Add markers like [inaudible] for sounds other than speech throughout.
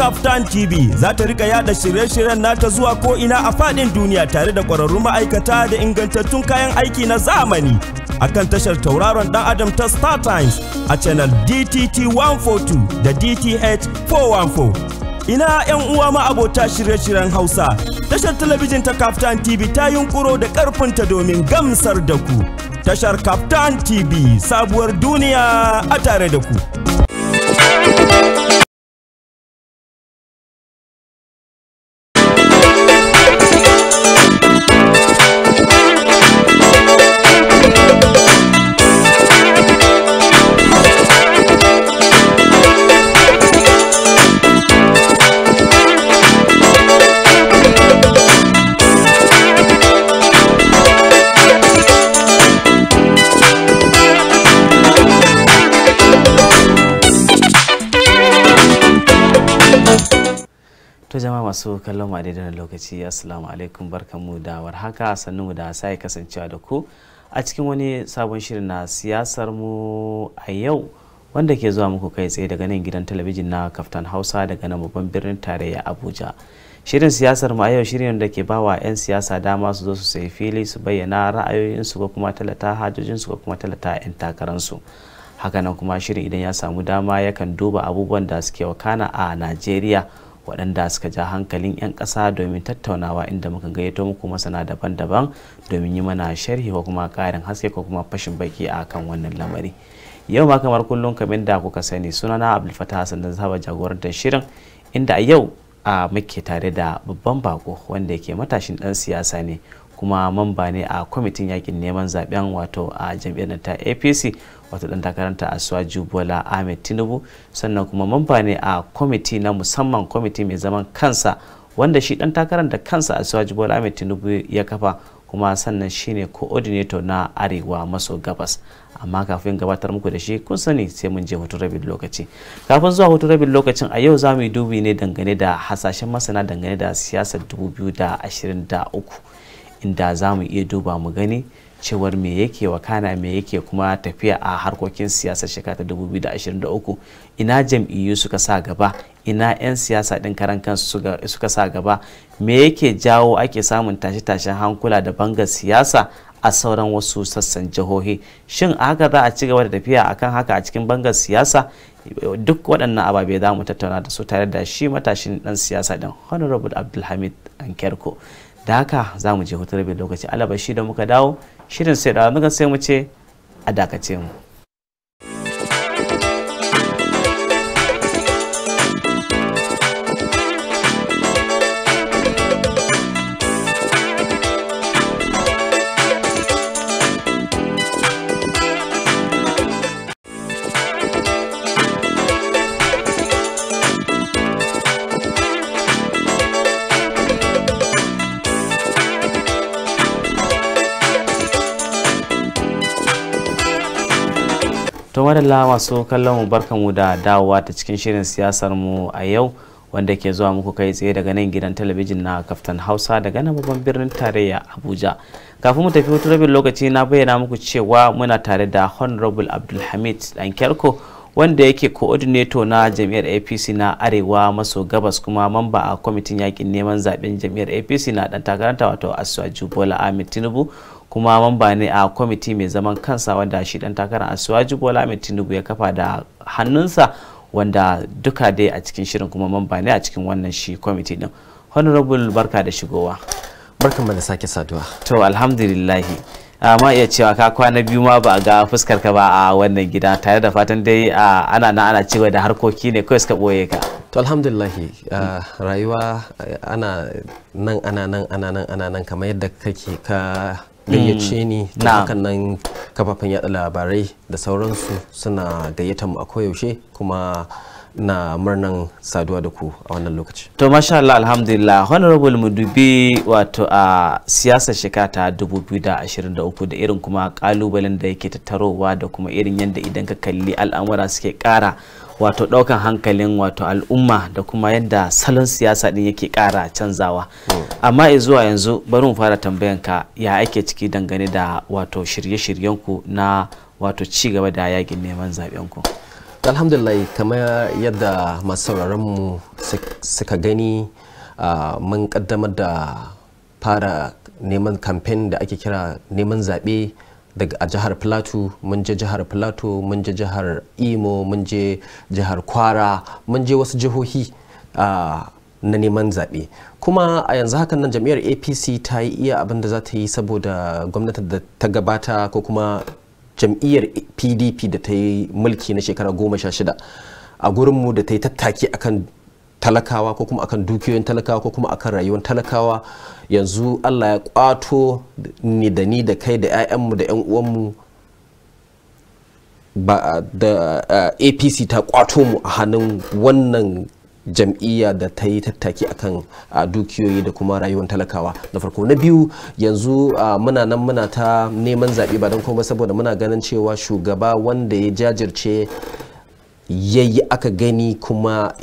Kaftan TV za ta rika yada shirye-shiryen nata zuwa ko ina a fadin duniya tare da kwararrun ma'aikata da ingantattun kayan aiki na zamani. akan tashar tauraron dan adam ta Star Times a channel DTT 142 da DTH 414. Ina 'yan uwa ma abota shirye-shiryen Hausa, tashar talabijin ta Kaftan TV ta yunkuro da karfinta domin gamsar da ku. Tashar Kaftan TV sabuwar duniya a tare da ku. kallon ma daidai lokaci assalamu alaikum barkanmu da warhaka mu da sai kasancewa da ku a cikin wani sabon shirin na siyasar mu a yau wanda ke zuwa muku kai tsaye daga nan gidan talabijin na kaftan hausa daga nan babban birnin tarayya abuja shirin siyasar mu a yau shirin da ke bawa 'yan siyasa dama su zo su sayi fili su bayyana ra'ayoyinsu ko kuma talata hajojinsu ko kuma talata 'yan takararsu hakanan kuma shirin idan ya samu dama yakan duba abubuwan da suke wakana a najeriya waɗanda suka ja hankalin 'yan ƙasa domin tattaunawa inda muka gayyato muku masana daban-daban domin yi mana sharhi ko kuma ƙarin haske ko kuma fashin baki a kan wannan lamari yau ma kamar kullum kamar da kuka sani sunana abdul fatah hassan da zaba jagorantar shirin inda a yau a muke tare da babban bako wanda yake matashin ɗan siyasa ne kuma mamba ne a kwamitin yakin neman zaben wato a jam'iyyar ta apc wata dan takaranta Asuwaju Bola Ahmed Tinubu sannan kuma mamba ne a kwamiti na musamman kwamiti mai zaman kansa wanda shi dan takarar da kansa suwa Bola Ahmed Tinubu ya kafa kuma sannan shine coordinator na arewa maso gabas amma kafin gabatar muku da shi kun sani sai mun je hutun rabin lokaci kafin zuwa hutun rabin lokacin a yau za mu yi dubi ne dangane da hasashen masana dangane da siyasar 2023 inda za mu iya duba mu gani cewar me yake wakana me yake kuma tafiya a harkokin siyasa shekara ta 2023 ina jam'iyyu suka sa gaba ina 'yan siyasa ɗin karan kansu suka sa gaba me yake jawo ake samun tashe-tashen hankula da bangar siyasa a sauran wasu sassan jihohi shin aka za a ci gaba da tafiya akan haka a cikin bangar siyasa duk waɗannan ababe za mu tattauna da su tare da shi matashin ɗan siyasa ɗin honorable abdulhamid ankerko da haka za mu je hutu rabin lokaci alabashi da muka dawo shirin sai da muka sai mu ce a dakace mu madalla masu kallon mu barkanmu da dawowa ta cikin shirin siyasar mu a yau wanda ke zuwa muku kai tsaye daga nan gidan talabijin na kaftan hausa daga nan babban birnin tarayya abuja kafin mu tafi wata rabin lokaci na bayyana muku cewa muna tare da honorable abdulhamid dankerko wanda yake coordinator na jam'iyyar apc na arewa maso gabas kuma mamba a kwamitin yakin neman zaben jam'iyyar apc na dan takaranta wato Asuwa bola ahmed tinubu kuma mamba ne a kwamiti mai zaman kansa wanda shi dan a asuwaji bola mai tinubu ya kafa da hannunsa wanda duka dai a cikin shirin kuma mamba ne a cikin wannan shi kwamiti din honorable barka da shigowa barkan da sake saduwa to alhamdulillahi amma iya cewa ka kwana biyu ma ba ga fuskar ka ba a wannan gida tare da fatan dai ana na ana cewa da harkoki ne kawai suka boye ka to alhamdulillahi rayuwa ana nan ana nan ana nan ana nan kamar yadda kake ka gayyace ni ta hakan nan kafafen yada labarai da sauransu suna gayyata mu a koyaushe kuma na murnan saduwa da ku a wannan lokaci. To masha Allah alhamdulillah honorable Mudubi wato a siyasar shekara ta 2023 da irin kuma kalubalen da yake tattarowa da kuma irin yadda idan ka kalli al'amura suke kara wato ɗaukan hankalin wato al'umma da kuma yadda salon siyasa din yake ƙara canzawa hmm. amma zuwa yanzu bari mu fara tambayan ka ya ake ciki dangane da wato shirye shiryen ku na wato ci gaba da yakin neman zaben ku alhamdulillah kamar yadda masu mu suka gani mun kaddamar da fara neman kamfen da ake kira neman zaɓe daga a jihar plateau mun je jihar plateau mun je jihar imo mun je jihar kwara mun je wasu jihohi na neman zaɓe kuma a yanzu hakan nan jam'iyyar apc ta yi iya abin da za ta yi saboda gwamnati da ta gabata ko kuma jam'iyyar pdp da ta yi mulki na shekara goma sha shida a gurinmu da ta yi tattaki akan talakawa ko kuma akan dukiyoyin talakawa ko kuma akan rayuwar talakawa yanzu allah ya kwato ni da ni da kai da 'ya'yanmu da 'yan uwanmu ba da apc ta kwato mu a hannun wannan jam'iyya da ta yi tattaki akan dukiyoyi da kuma rayuwar talakawa na farko na biyu yanzu muna nan muna ta neman zaɓe ba don kuma saboda muna ganin cewa shugaba wanda ya jajirce ya yi aka gani kuma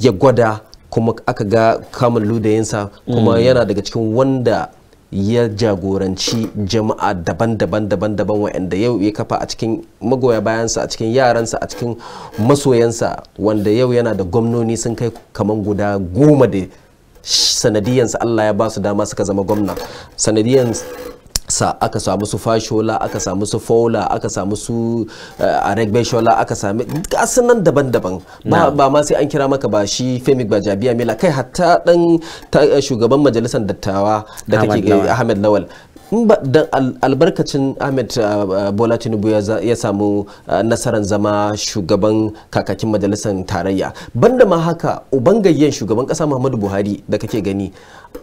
ya gwada kuma aka ga kamun ludayinsa kuma mm. yana daga cikin wanda ya jagoranci jama'a daban-daban daban-daban wa'anda yau ya kafa a cikin magoya bayansa a cikin yaransa a cikin masoyansa wanda yau yana da gwamnoni sun kai kamar guda goma da sanadiyansa Allah ya ba su dama suka zama gwamna sanadiyan sa aka samu su fashola aka samu su fola aka samu su eh, aregbe shola aka sami gasu nan daban-daban ba ma sai an kira maka ba shi femik ba jabiya mila kai hatta dan eh, shugaban majalisar dattawa da kake ahmed lawal dan albarkacin ahmed eh, bola tinubu ya samu nasarar zama shugaban kakakin majalisar tarayya banda ma haka gayyen shugaban kasa muhammadu buhari da kake gani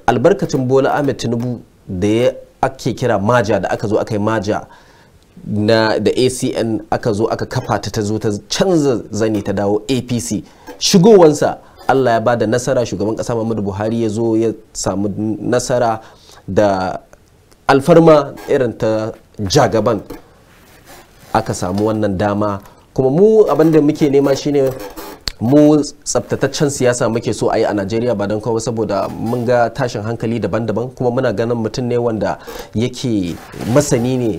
albarkacin bola ahmed tinubu da ya ake kira maja da aka zo aka yi maja na da acn aka zo aka kafa ta ta zo ta canza zani ta dawo apc shigowansa allah ya ba da nasara shugaban kasa muhammadu buhari ya zo ya samu nasara da alfarma irin ta jagaban aka samu wannan dama kuma mu abinda muke nema shine mu tsaftataccen siyasa muke so a yi a najeriya ba don kawo saboda mun ga tashin hankali daban-daban kuma muna ganin mutum ne wanda yake masani ne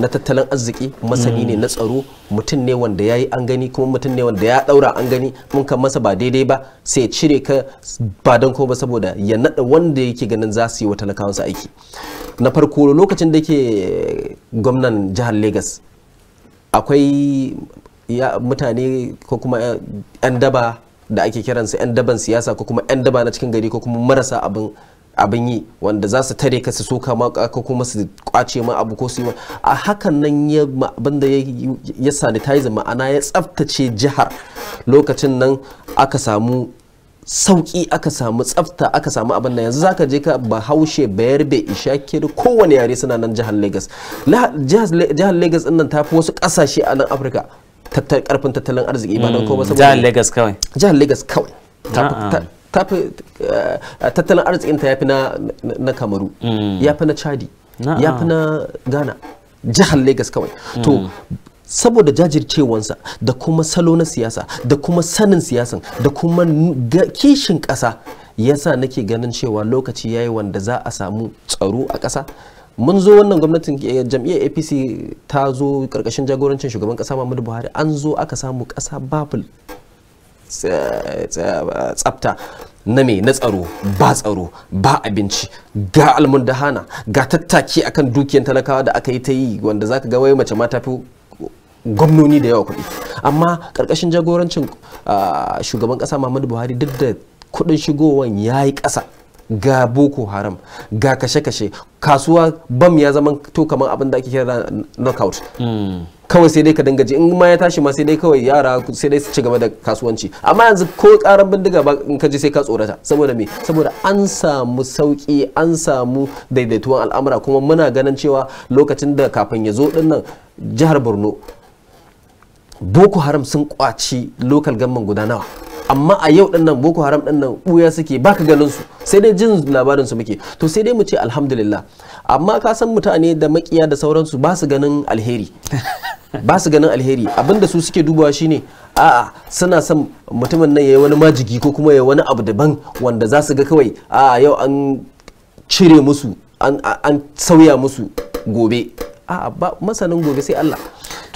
na tattalin arziki masani ne na tsaro mutum ne wanda ya yi an gani kuma mutum ne wanda ya daura an gani mun kan masa ba daidai ba sai cire ka ba don ba saboda ya nada wanda yake ganin za su yi wa talakawansu aiki na farko lokacin da ke gwamnan jihar lagos akwai ya mutane ko kuma 'yan daba da ake kiransu 'yan daban siyasa ko kuma 'yan daba na cikin gari ko kuma marasa abin abin yi wanda za su tare ka su soka ma ko kuma su kwace ma abu ko su yi a hakan nan ya abin da ya sanitize ma'ana ya tsaftace jihar lokacin nan aka samu sauki aka samu tsafta aka samu abin nan yanzu zaka je ka bahaushe bayarbe ishakiri kowane yare suna nan jihar lagos jihar lagos din nan tafi wasu kasashe a nan afirka karfin tattalin arziki ba don mm, kowa saboda jihar Lagos kawai jihar Lagos kawai tafi eh, tattalin arzikin ta yafi na na Kamaru mm. yafi na Chadi yafi na Ghana jihar Lagos kawai to mm. saboda jajircewansa da kuma salo na siyasa da kuma sanin siyasan da kuma kishin ƙasa yasa nake ganin cewa lokaci yayi wanda za a samu tsaro a ƙasa mun zo wannan gwamnatin eh, jam'iyyar apc ta zo karkashin jagorancin shugaban kasa muhammadu buhari an zo aka samu kasa babu eh, tsafta na me na tsaro ba tsaro ba abinci ga almundahana ga tattaki akan dukiyar talakawa da aka yi ta yi wanda zaka ga wai mace ma ta fi gwamnoni da yawa kuɗi amma karkashin jagorancin ah, shugaban kasa muhammadu buhari duk da kuɗin shigowan ya yi ƙasa ga boko haram ga kashe-kashe kasuwa bam ya zama to kamar abin da ake kira knockout hmm. kawai sai dai ka dinga ji in ma ya tashi ma sai dai kawai yara sai dai su ci gaba da kasuwanci amma yanzu ko karan bindiga ba in ka ji sai ka tsorata saboda me saboda an samu sauki an samu daidaituwan al'amura kuma muna ganin cewa lokacin da kafin ya zo dinnan jihar Borno Boko Haram sun kwaci local gamman guda nawa amma a yau ɗannan boko haram ɗannan buya suke baka ganin su sai dai jin labarin su muke to sai dai mu ce alhamdulillah amma ka san mutane da makiya da sauransu ba su ganin alheri [laughs] ba su ganin alheri abinda su suke dubawa shine a'a suna son mutumin nan yayi wani majigi ko kuma yayi wani abu daban wanda za su ga kawai a'a yau an cire musu an sauya musu gobe a'a ba masanin gobe sai Allah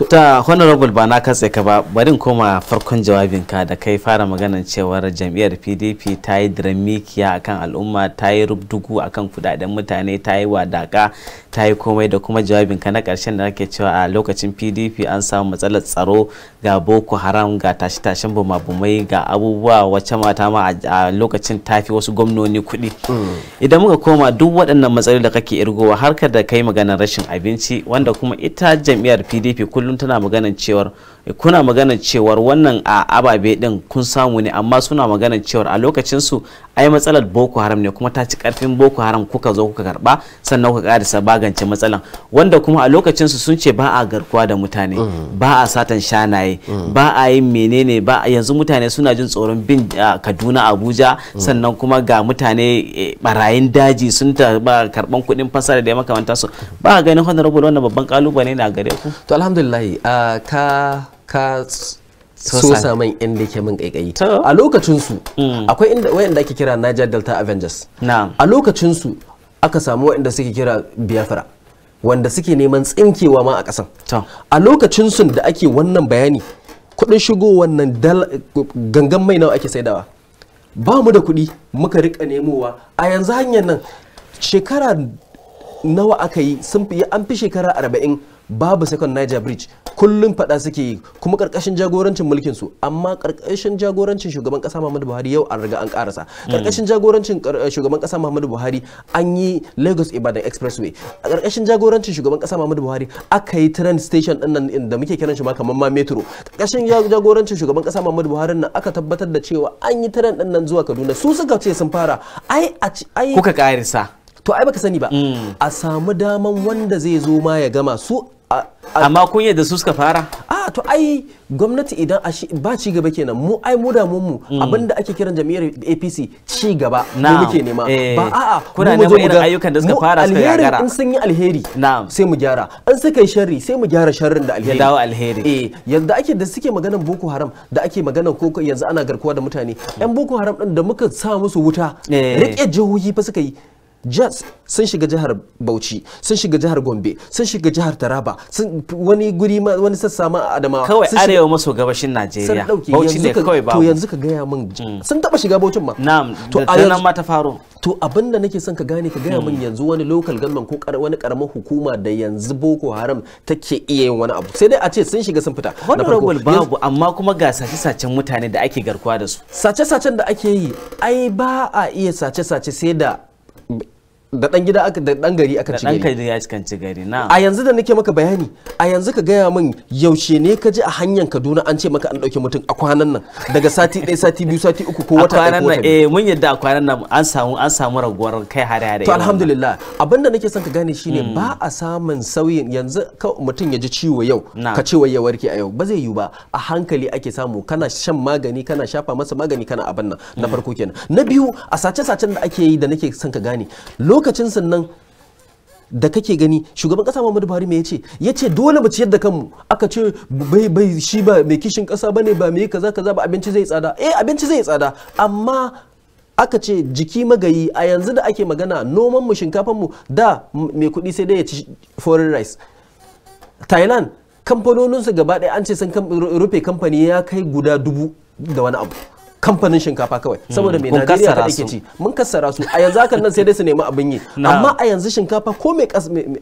ta honorable ba na katse ka ba bari in koma farkon jawabin ka da kai fara maganan cewar jam'iyyar pdp ta yi diramikiya akan al'umma ta yi rubdugu akan kudaden mutane ta yi wadaka ta yi komai da kuma jawabin ka na ƙarshen da ake cewa a lokacin pdp an samu matsalar tsaro ga boko haram ga tashe-tashen bumabumai ga abubuwa wacce mata ma a lokacin tafi wasu gwamnoni kuɗi mm. idan muka koma duk waɗannan matsaloli da kake irgowa harkar da kai maganar rashin abinci wanda kuma ita jam'iyyar pdp kullum tana maganar cewar kuna magana cewar wannan a ababe din kun samu ne amma suna magana cewar a lokacin su ai matsalar boko haram ne kuma ta ci karfin boko haram kuka zo kuka karba sannan kuka karisa bagance matsalan wanda kuma a lokacin su sun ce ba a garkuwa da mutane mm. ba a satan shanaye mm. ba a yi menene ba yanzu mutane suna jin tsoron bin Kaduna Abuja mm. sannan kuma ga mutane barayin e, daji sun ba karban kuɗin fasara da ya makamanta su ba ganin honorable wannan babban kalubale ne a gare ku to alhamdulillah ka ka sosa yan inda ke min kaikayi a lokacinsu. Mm. akwai inda wayanda ake kira Niger Delta Avengers a lokacinsu aka samu wayanda suke kira Biafra wanda suke neman tsinkewa ma a kasan a lokacinsu da ake wannan bayani kudin shigo wannan gangan mai nawa ake saidawa ba mu da kudi muka rika nemowa a yanzu hanyar nan shekara nawa aka yi sun fi an fi shekara arba'in babu second niger bridge kullum fada suke yi kuma karkashin jagorancin mulkin su amma karkashin jagorancin shugaban kasa muhammadu buhari yau an riga an karasa karkashin hmm. jagorancin eh, shugaban kasa muhammadu buhari an yi lagos ibadan expressway a karkashin jagorancin shugaban kasa muhammadu buhari aka yi train station din nan da muke kiran shi ma kamar ma metro karkashin jagorancin shugaban kasa muhammadu buhari nan aka tabbatar da cewa an yi train din nan zuwa kaduna su suka ce sun fara ai ai kuka karisa to ai baka sani ba hmm. a samu daman wanda zai zo ma ya gama su amma kun yadda su suka fara a to ai gwamnati idan a ba ci gaba kenan mu ai mu damu mu mm. abinda ake kiran jami'ar APC ci gaba ne muke nema ba eh. a'a kuna neman irin ayyukan da suka fara suka gagara in sun yi alheri sai mu gyara in suka yi sharri sai mu gyara sharrin da alheri ya dawo alheri eh yanda ake da suke maganan Boko Haram da ake maganan koko yanzu ana garkuwa da mutane yan Boko Haram din da muka sa musu wuta eh. rike jihohi fa suka yi jazz sun shiga jihar bauchi sun shiga jihar gombe sun shiga jihar taraba sun wani guri ma wani sassa ma adamawa kawai arewa maso gabashin najeriya bauchi ne kawai ba to yanzu ka gaya min mm. sun taba shiga bauchin ma na'am to a nan ma ta faro to abin da nake son ka gane ka gaya min mm. yanzu wani local government ko wani karamar hukuma da yanzu boko haram take iya yin wani abu sai dai a ce sun shiga sun fita honorable babu amma kuma ga sace-sacen mutane da ake garkuwa da su sace-sacen da ake yi ai ba a iya sace-sace sai da da dan gida aka da dan gari aka ci gari da dan ci na a yanzu da nake maka bayani a yanzu ka gaya min yaushe ne ka ji a hanyar Kaduna an ce maka an dauke mutum a kwanan nan daga sati ɗaya sati biyu sati uku ko wata kwanan ko eh mun yadda a kwanan nan an samu an samu raguwar kai hare hare to alhamdulillah abinda nake son ka gane shine mm. ba a samun sauyin yanzu ka mutum ya ji ciwo yau ka ce wai ya warke a yau ba zai yiwu ba a hankali ake samu kana shan magani kana shafa masa magani kana abin nan na mm. farko kenan na biyu a sace-sacen da ake yi da nake son ka gane lo lokacin sannan da kake gani shugaban kasa Muhammadu Buhari me ya ce dole mu ciyar da kanmu aka ce bai bai shi ba mai kishin kasa bane ba mai kaza kaza ba abinci zai tsada eh abinci zai tsada amma aka ce jiki magayi a yanzu da ake magana noman mu shinkafan mu da mai kuɗi sai dai ya ci foreign rice Thailand kamfanoninsu gaba ɗaya an ce sun rufe kamfani ya kai guda dubu da wani abu kamfanin shinkafa kawai saboda mai hmm. Najeriya ta ake ci mun kassara su a yanzu hakan nan sai dai su nemi abin yi amma a yanzu shinkafa ko mai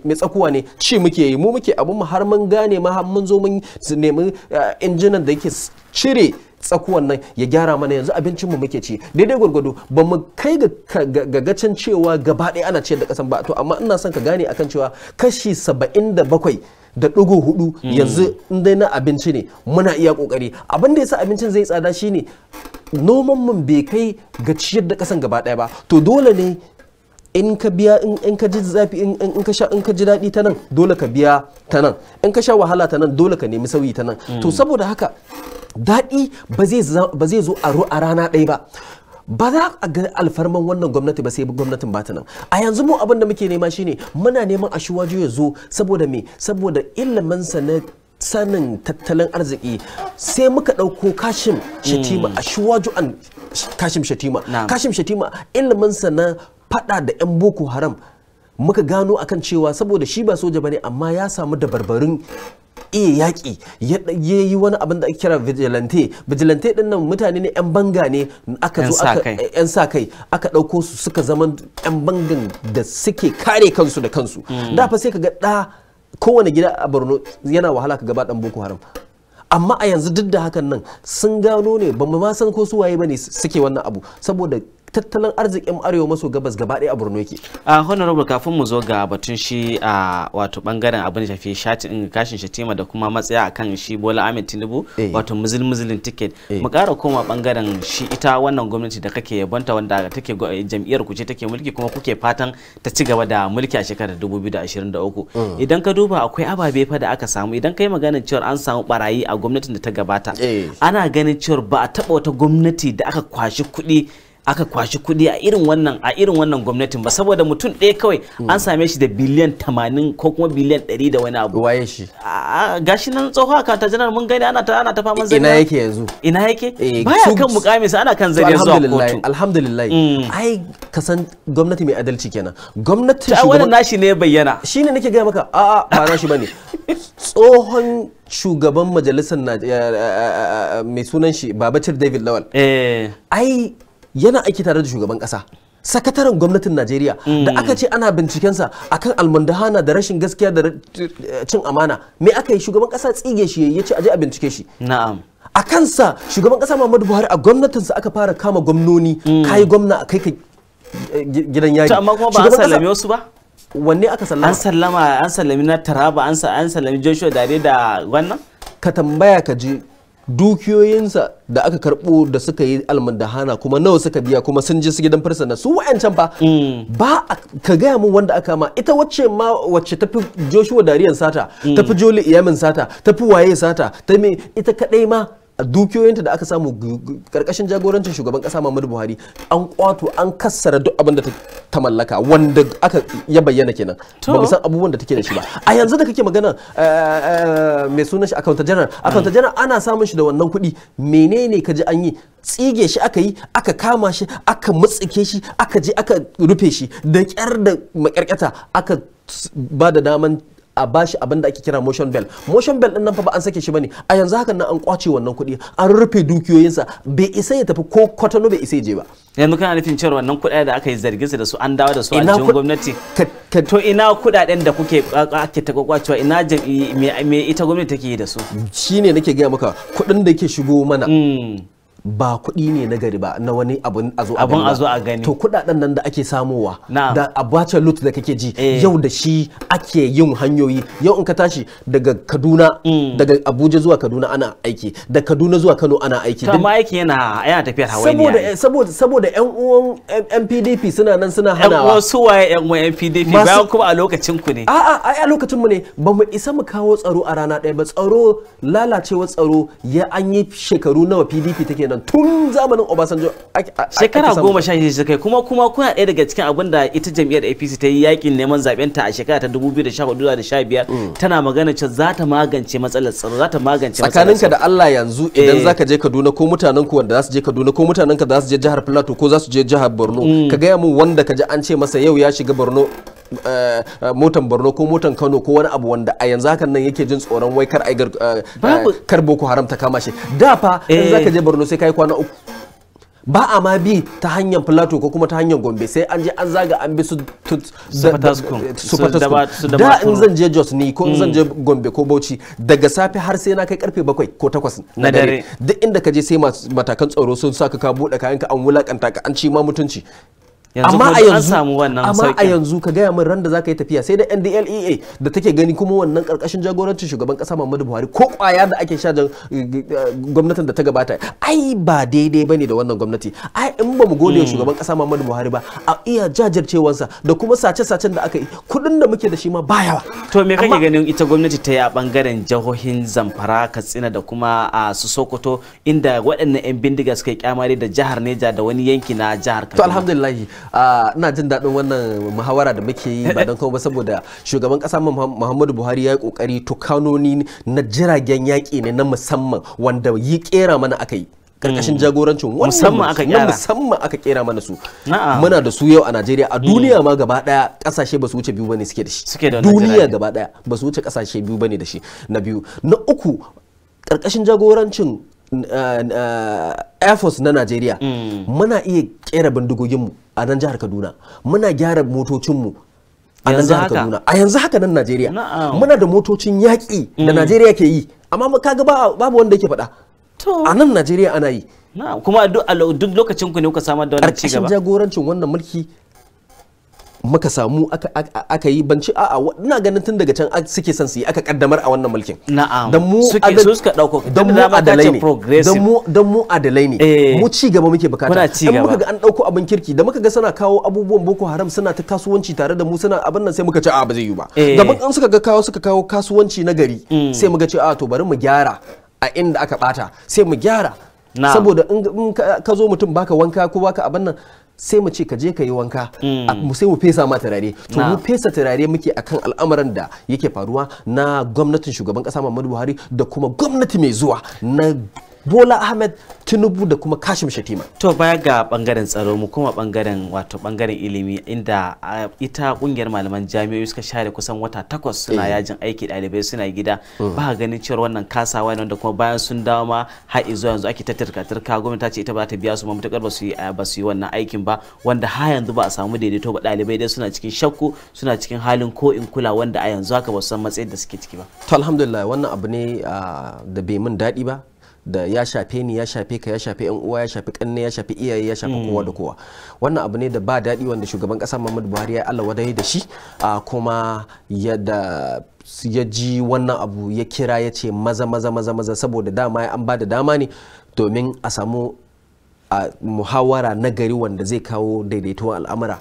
mai tsakuwa ne ci muke yi mu muke abun mu har mun gane ma har mun zo mun nemi eh, injinan da yake cire tsakuwan nan ya gyara mana yanzu abincin mu muke ci daidai gwargwado ba mu kai ga gacin cewa gaba ɗaya ana ciyar da kasan ba to amma ina son ka gane akan cewa kashi saba'in da bakwai da ɗigo hudu hmm. yanzu in dai na abinci ne muna iya ƙoƙari abin da ya sa abincin zai tsada shine noman mun bai kai ga ciyar da kasan gaba daya ba to dole ne in ka biya in ka ji zafi in ka sha in ka ji daɗi ta nan dole ka biya ta nan in ka sha wahala ta nan dole ka nemi sauyi ta nan mm. to saboda haka daɗi ba zai zo a rana ɗaya ba ba za a ga alfarman wannan gwamnati ba sai gwamnatin ba ta nan a yanzu mu abin da muke nema shine muna neman a ya zo saboda me saboda sa na sanin tattalin arziki sai muka ɗauko kashim shatima mm. a shuwaju an kashim shatima kashim shatima iliminsa na fada da 'yan boko haram muka gano akan cewa saboda shi ba soja bane amma ya samu dabarbarin iya yaƙi ya yi wani abin da ake kira vigilante vigilante din nan mutane ne yan banga ne aka zo eh, yan sa kai aka ɗauko su suka zama yan bangan da suke kare kansu da kansu mm. da fa sai ka ga ɗa kowane gida a borno yana wahala ka gaba dan boko haram amma a yanzu duk da hakan nan sun gano ne ba ma san ko su waye bane suke wannan abu saboda tattalin arzikin arewa maso gabas gaba ɗaya a borno yake a honorable kafin mu zo ga batun shi a wato bangaren abin da shafi in kashin shatima da kuma matsaya a kan shi bola ahmed tinubu eh. wato muzulmuzulin ticket eh. mu ƙara koma bangaren shi ita wannan gwamnati da kake yabonta wanda take eh, jam'iyyar ku ce take mulki kuma kuke fatan ta ci gaba da mulki a shekarar 2023 mm. idan ka duba akwai ababe fa da aka samu idan kai maganar cewa an samu barayi a gwamnatin da ta gabata ana ganin cewa ba a taba wata gwamnati da aka kwashi kuɗi aka kwashi kuɗi a irin wannan a irin wannan gwamnatin ba saboda mutum ɗaya kawai hmm. an same shi da biliyan tamanin ko kuma biliyan ɗari da wani abu waye shi gashi nan tsoho akan ta janar mun gani ana ta ana ta faman zariya ina yake yanzu ina yake eh, baya kan mukami sa ana kan zariya zuwa kotu alhamdulillah hmm. ai ka san gwamnati mai adalci kenan gwamnati shi wannan nashi ne bayyana shine nake ga maka a a ba nashi bane tsohon shugaban majalisar mai sunan shi Babacir David Lawal eh. ai yana aiki tare da shugaban kasa sakataren gwamnatin najeriya da mm. aka ce ana bincikensa akan almandahana da rashin gaskiya da cin amana me aka yi shugaban kasa tsige shi ya ce aje a bincike shi na'am a kansa shugaban kasa muhammadu buhari a gwamnatinsa aka fara kama gwamnoni mm. kayi gwamna kai ka eh, gidan To amma kuma ba an sallame wasu ba wanne aka sallama an sallama an sallami na taraba an sallami joshua dare da wannan ka tambaya ka ji dukiyoyinsa da aka karɓo da suka yi hana kuma nawa suka biya kuma sun je su gidan farsana su wa'ancan fa mm. ba ka gaya mun wanda aka ma ita wacce ma wacce tafi Joshua Dariyan sata mm. tafi Joli Iyamin sata tafi waye sata ta me ita kadai ma dukiyoyinta da aka samu karkashin jagorancin shugaban kasa Muhammadu Buhari an kwato an kassara duk abin da ta mallaka wanda aka ya bayyana kenan ba mu san abubuwan da take da shi ba a yanzu da kake magana eh, eh, mai sunan shi account janar Account janar mm. ana samun shi da wannan kuɗi menene ka ji an yi tsige shi aka yi aka kama shi aka mutsike shi aka je aka rufe shi da kyar da makyarkyata aka ba da daman a bashi abin da ake kira motion bell motion bell din nan fa ba an sake shi bane a yanzu hakan nan an kwace wannan kuɗi an rufe dukiyoyinsa bai isa ya tafi ko kwatano bai isa ya je ba yanzu kana nufin cewa wannan kuɗaɗe da aka yi zargin su da su an dawo da su a cikin gwamnati to ina kuɗaɗen da kuke ake ta kwacewa ina me ita gwamnati take yi da su shine nake gaya maka kuɗin da ke shigo mana hmm. ba kuɗi ne na gari ba na wani abun a zo abun a zo a gani to kuɗaɗen nan da ake samowa da abacha loot da kake ji eh. yau da shi ake yin hanyoyi yau in ka tashi daga Kaduna mm. daga Abuja zuwa Kaduna ana aiki da Kaduna zuwa Kano ana aiki Kama aiki yana yana tafiyar hawaii eh, saboda saboda saboda yan uwan MPDP suna nan suna hanawa yan uwan su waye yan uwan MPDP bayan kuma a lokacin ku ne a'a ai a lokacin mu ne ba mu isa mu kawo tsaro a rana ɗaya ba tsaro lalacewa tsaro ya an yi shekaru nawa PDP take nan tun zamanin Obasanjo shekara goma sha shida suka kuma kuma kuna ɗaya daga cikin abin da ita jam'iyyar APC ta yi yakin neman zaben ta a shekara ta 2014 da biyar. Mm. tana magana cewa za ta magance matsalar tsaro za ta magance matsalar tsakaninka da Allah yanzu idan eh. za ka je Kaduna ko mutanen ku wanda za su je Kaduna ko mutanen ka za su je jihar Plateau ko za su je jihar Borno mm. ka gaya mu wanda ka ji an ce masa yau ya shiga Borno eh, eh, motan borno ko motan kano ko wani abu wanda a yanzu hakan nan yake jin tsoron wai kar ai kar boko haram ta kama shi da fa in zaka je borno sai kai kwana uku ba a ma bi ta hanyar plateau ko kuma ta hanyar gombe sai an je an zaga an bi su da eh, in zan je jos ni ko in zan mm. je gombe ko bauchi daga safe har sai na kai karfe bakwai ko takwas na dare duk inda ka je sai matakan tsaro sun saka ka buɗe kayan ka an wulakanta ka an ci ma mutunci amma a yanzu amma a yanzu ka gaya min ran da zaka yi tafiya sai da NDLEA da take gani kuma wannan karkashin jagorancin shugaban kasa Muhammadu Buhari ko kwaya da ake sha eh, gwamnatin da ta gabata ai ba daidai bane da wannan gwamnati ai in ba mu gode hmm. shugaban kasa Muhammadu Buhari ba a iya sa da kuma sace-sacen da aka yi kudin da muke da shi ma baya to me kake ganin ita gwamnati ta yi a bangaren jihohin Zamfara Katsina da kuma a su Sokoto inda waɗannan 'yan bindiga suka yi kyamare da jihar Neja da wani yanki na jihar Kaduna to alhamdulillah ina jin daɗin wannan muhawara da muke yi ba don kuma saboda shugaban ƙasa Muhammadu Buhari ya yi ƙoƙari tukanoni na jiragen yaƙi ne na musamman wanda yi ƙera mana aka yi. karkashin mm. jagorancin musamman aka musamman aka kera mana su muna da su yau a Najeriya a mm. duniya ma gaba daya kasashe ba su wuce biyu bane suke da shi duniya gaba daya ba su wuce kasashe biyu bane da shi na biyu na uku karkashin jagorancin eh, eh, Air Force na Najeriya mm. muna iya kera bindigoginmu mu a nan jihar kaduna muna gyara motocinmu a nan jihar kaduna a yanzu haka nan najeriya muna da motocin yaƙi da mm. najeriya ke yi amma ga babu wanda yake faɗa a nan najeriya ana yi kuma duk lokacin ku ne kuka samar da wannan cigaba ƙarƙashin jagorancin wannan mulki muka samu aka yi banci a'a ina ganin tun daga can suke son su yi aka kaddamar a wannan mulkin na'am dan mu suka dauko dan mu adalai ne dan mu dan mu adalai ne eh. mu ci gaba muke bukata dan muka ga an dauko abin kirki da muka ga suna kawo abubuwan boko haram suna ta kasuwanci tare da mu suna abin nan sai muka ce a ba zai yi ba gaban eh. an suka ga kawo suka kawo kasuwanci na gari mm. sai muka ce a to bari mu gyara a inda aka bata sai mu gyara saboda in ka zo mutum baka wanka ko baka abin nan sai mu ce ka je ka yi wanka hmm. mu sai mu fesa ma turare to mu fesa turare muke akan al'amuran da yake faruwa na gwamnatin shugaban kasa Muhammadu Buhari da kuma gwamnati mai zuwa na bola ahmed tinubu da kuma kashim shatima to baya ga bangaren tsaro mu kuma bangaren wato bangaren ilimi inda ita kungiyar malaman jami'o'i suka share kusan wata takwas suna eh. yajin aiki ɗalibai suna gida mm. ba ganin cewar wannan kasawa ne wanda kuma bayan sun dawo ma har zuwa yanzu ake tattarka tarka gwamnati ce ita ba ta biya su ma mutakar ba su yi ba su yi wannan aikin ba wanda har yanzu ba a samu daidaito ba ɗalibai dai suna cikin shakku suna cikin halin ko in kula wanda a yanzu haka ba su san matsayin da suke ciki ba to alhamdulillah wannan abu ne da bai mun daɗi ba da ya shafe ni ya shafe ka ya shafe yan uwa ya shafe kanne ya shafi iyaye ya shafe kowa da kowa wannan abu ne da ba daɗi wanda shugaban ƙasa Muhammadu Buhari ya Allah wadai da shi kuma ya da ya ji wannan abu ya kira ya ce maza maza maza maza saboda dama an ba da dama ne domin a samu muhawara na gari wanda zai kawo daidaito al'amura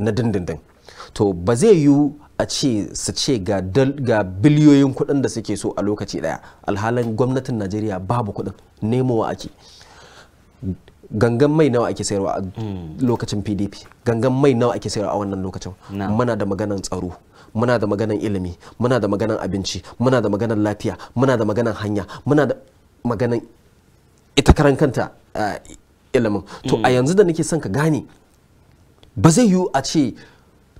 na dindindin to ba zai yiwu a ce su ce ga biliyoyin kuɗin da suke so a lokaci ɗaya alhalin gwamnatin najeriya babu kuɗin wa ake gangan mai nawa ake sayarwa a lokacin pdp gangan mai nawa ake sayarwa a wannan lokacin muna da maganan tsaro muna da maganan ilimi muna da maganan abinci muna da maganan lafiya muna da maganan hanya muna da maganan ita karan kanta eh, ilimin to a mm. yanzu da nake son ka gane ba zai yiwu a ce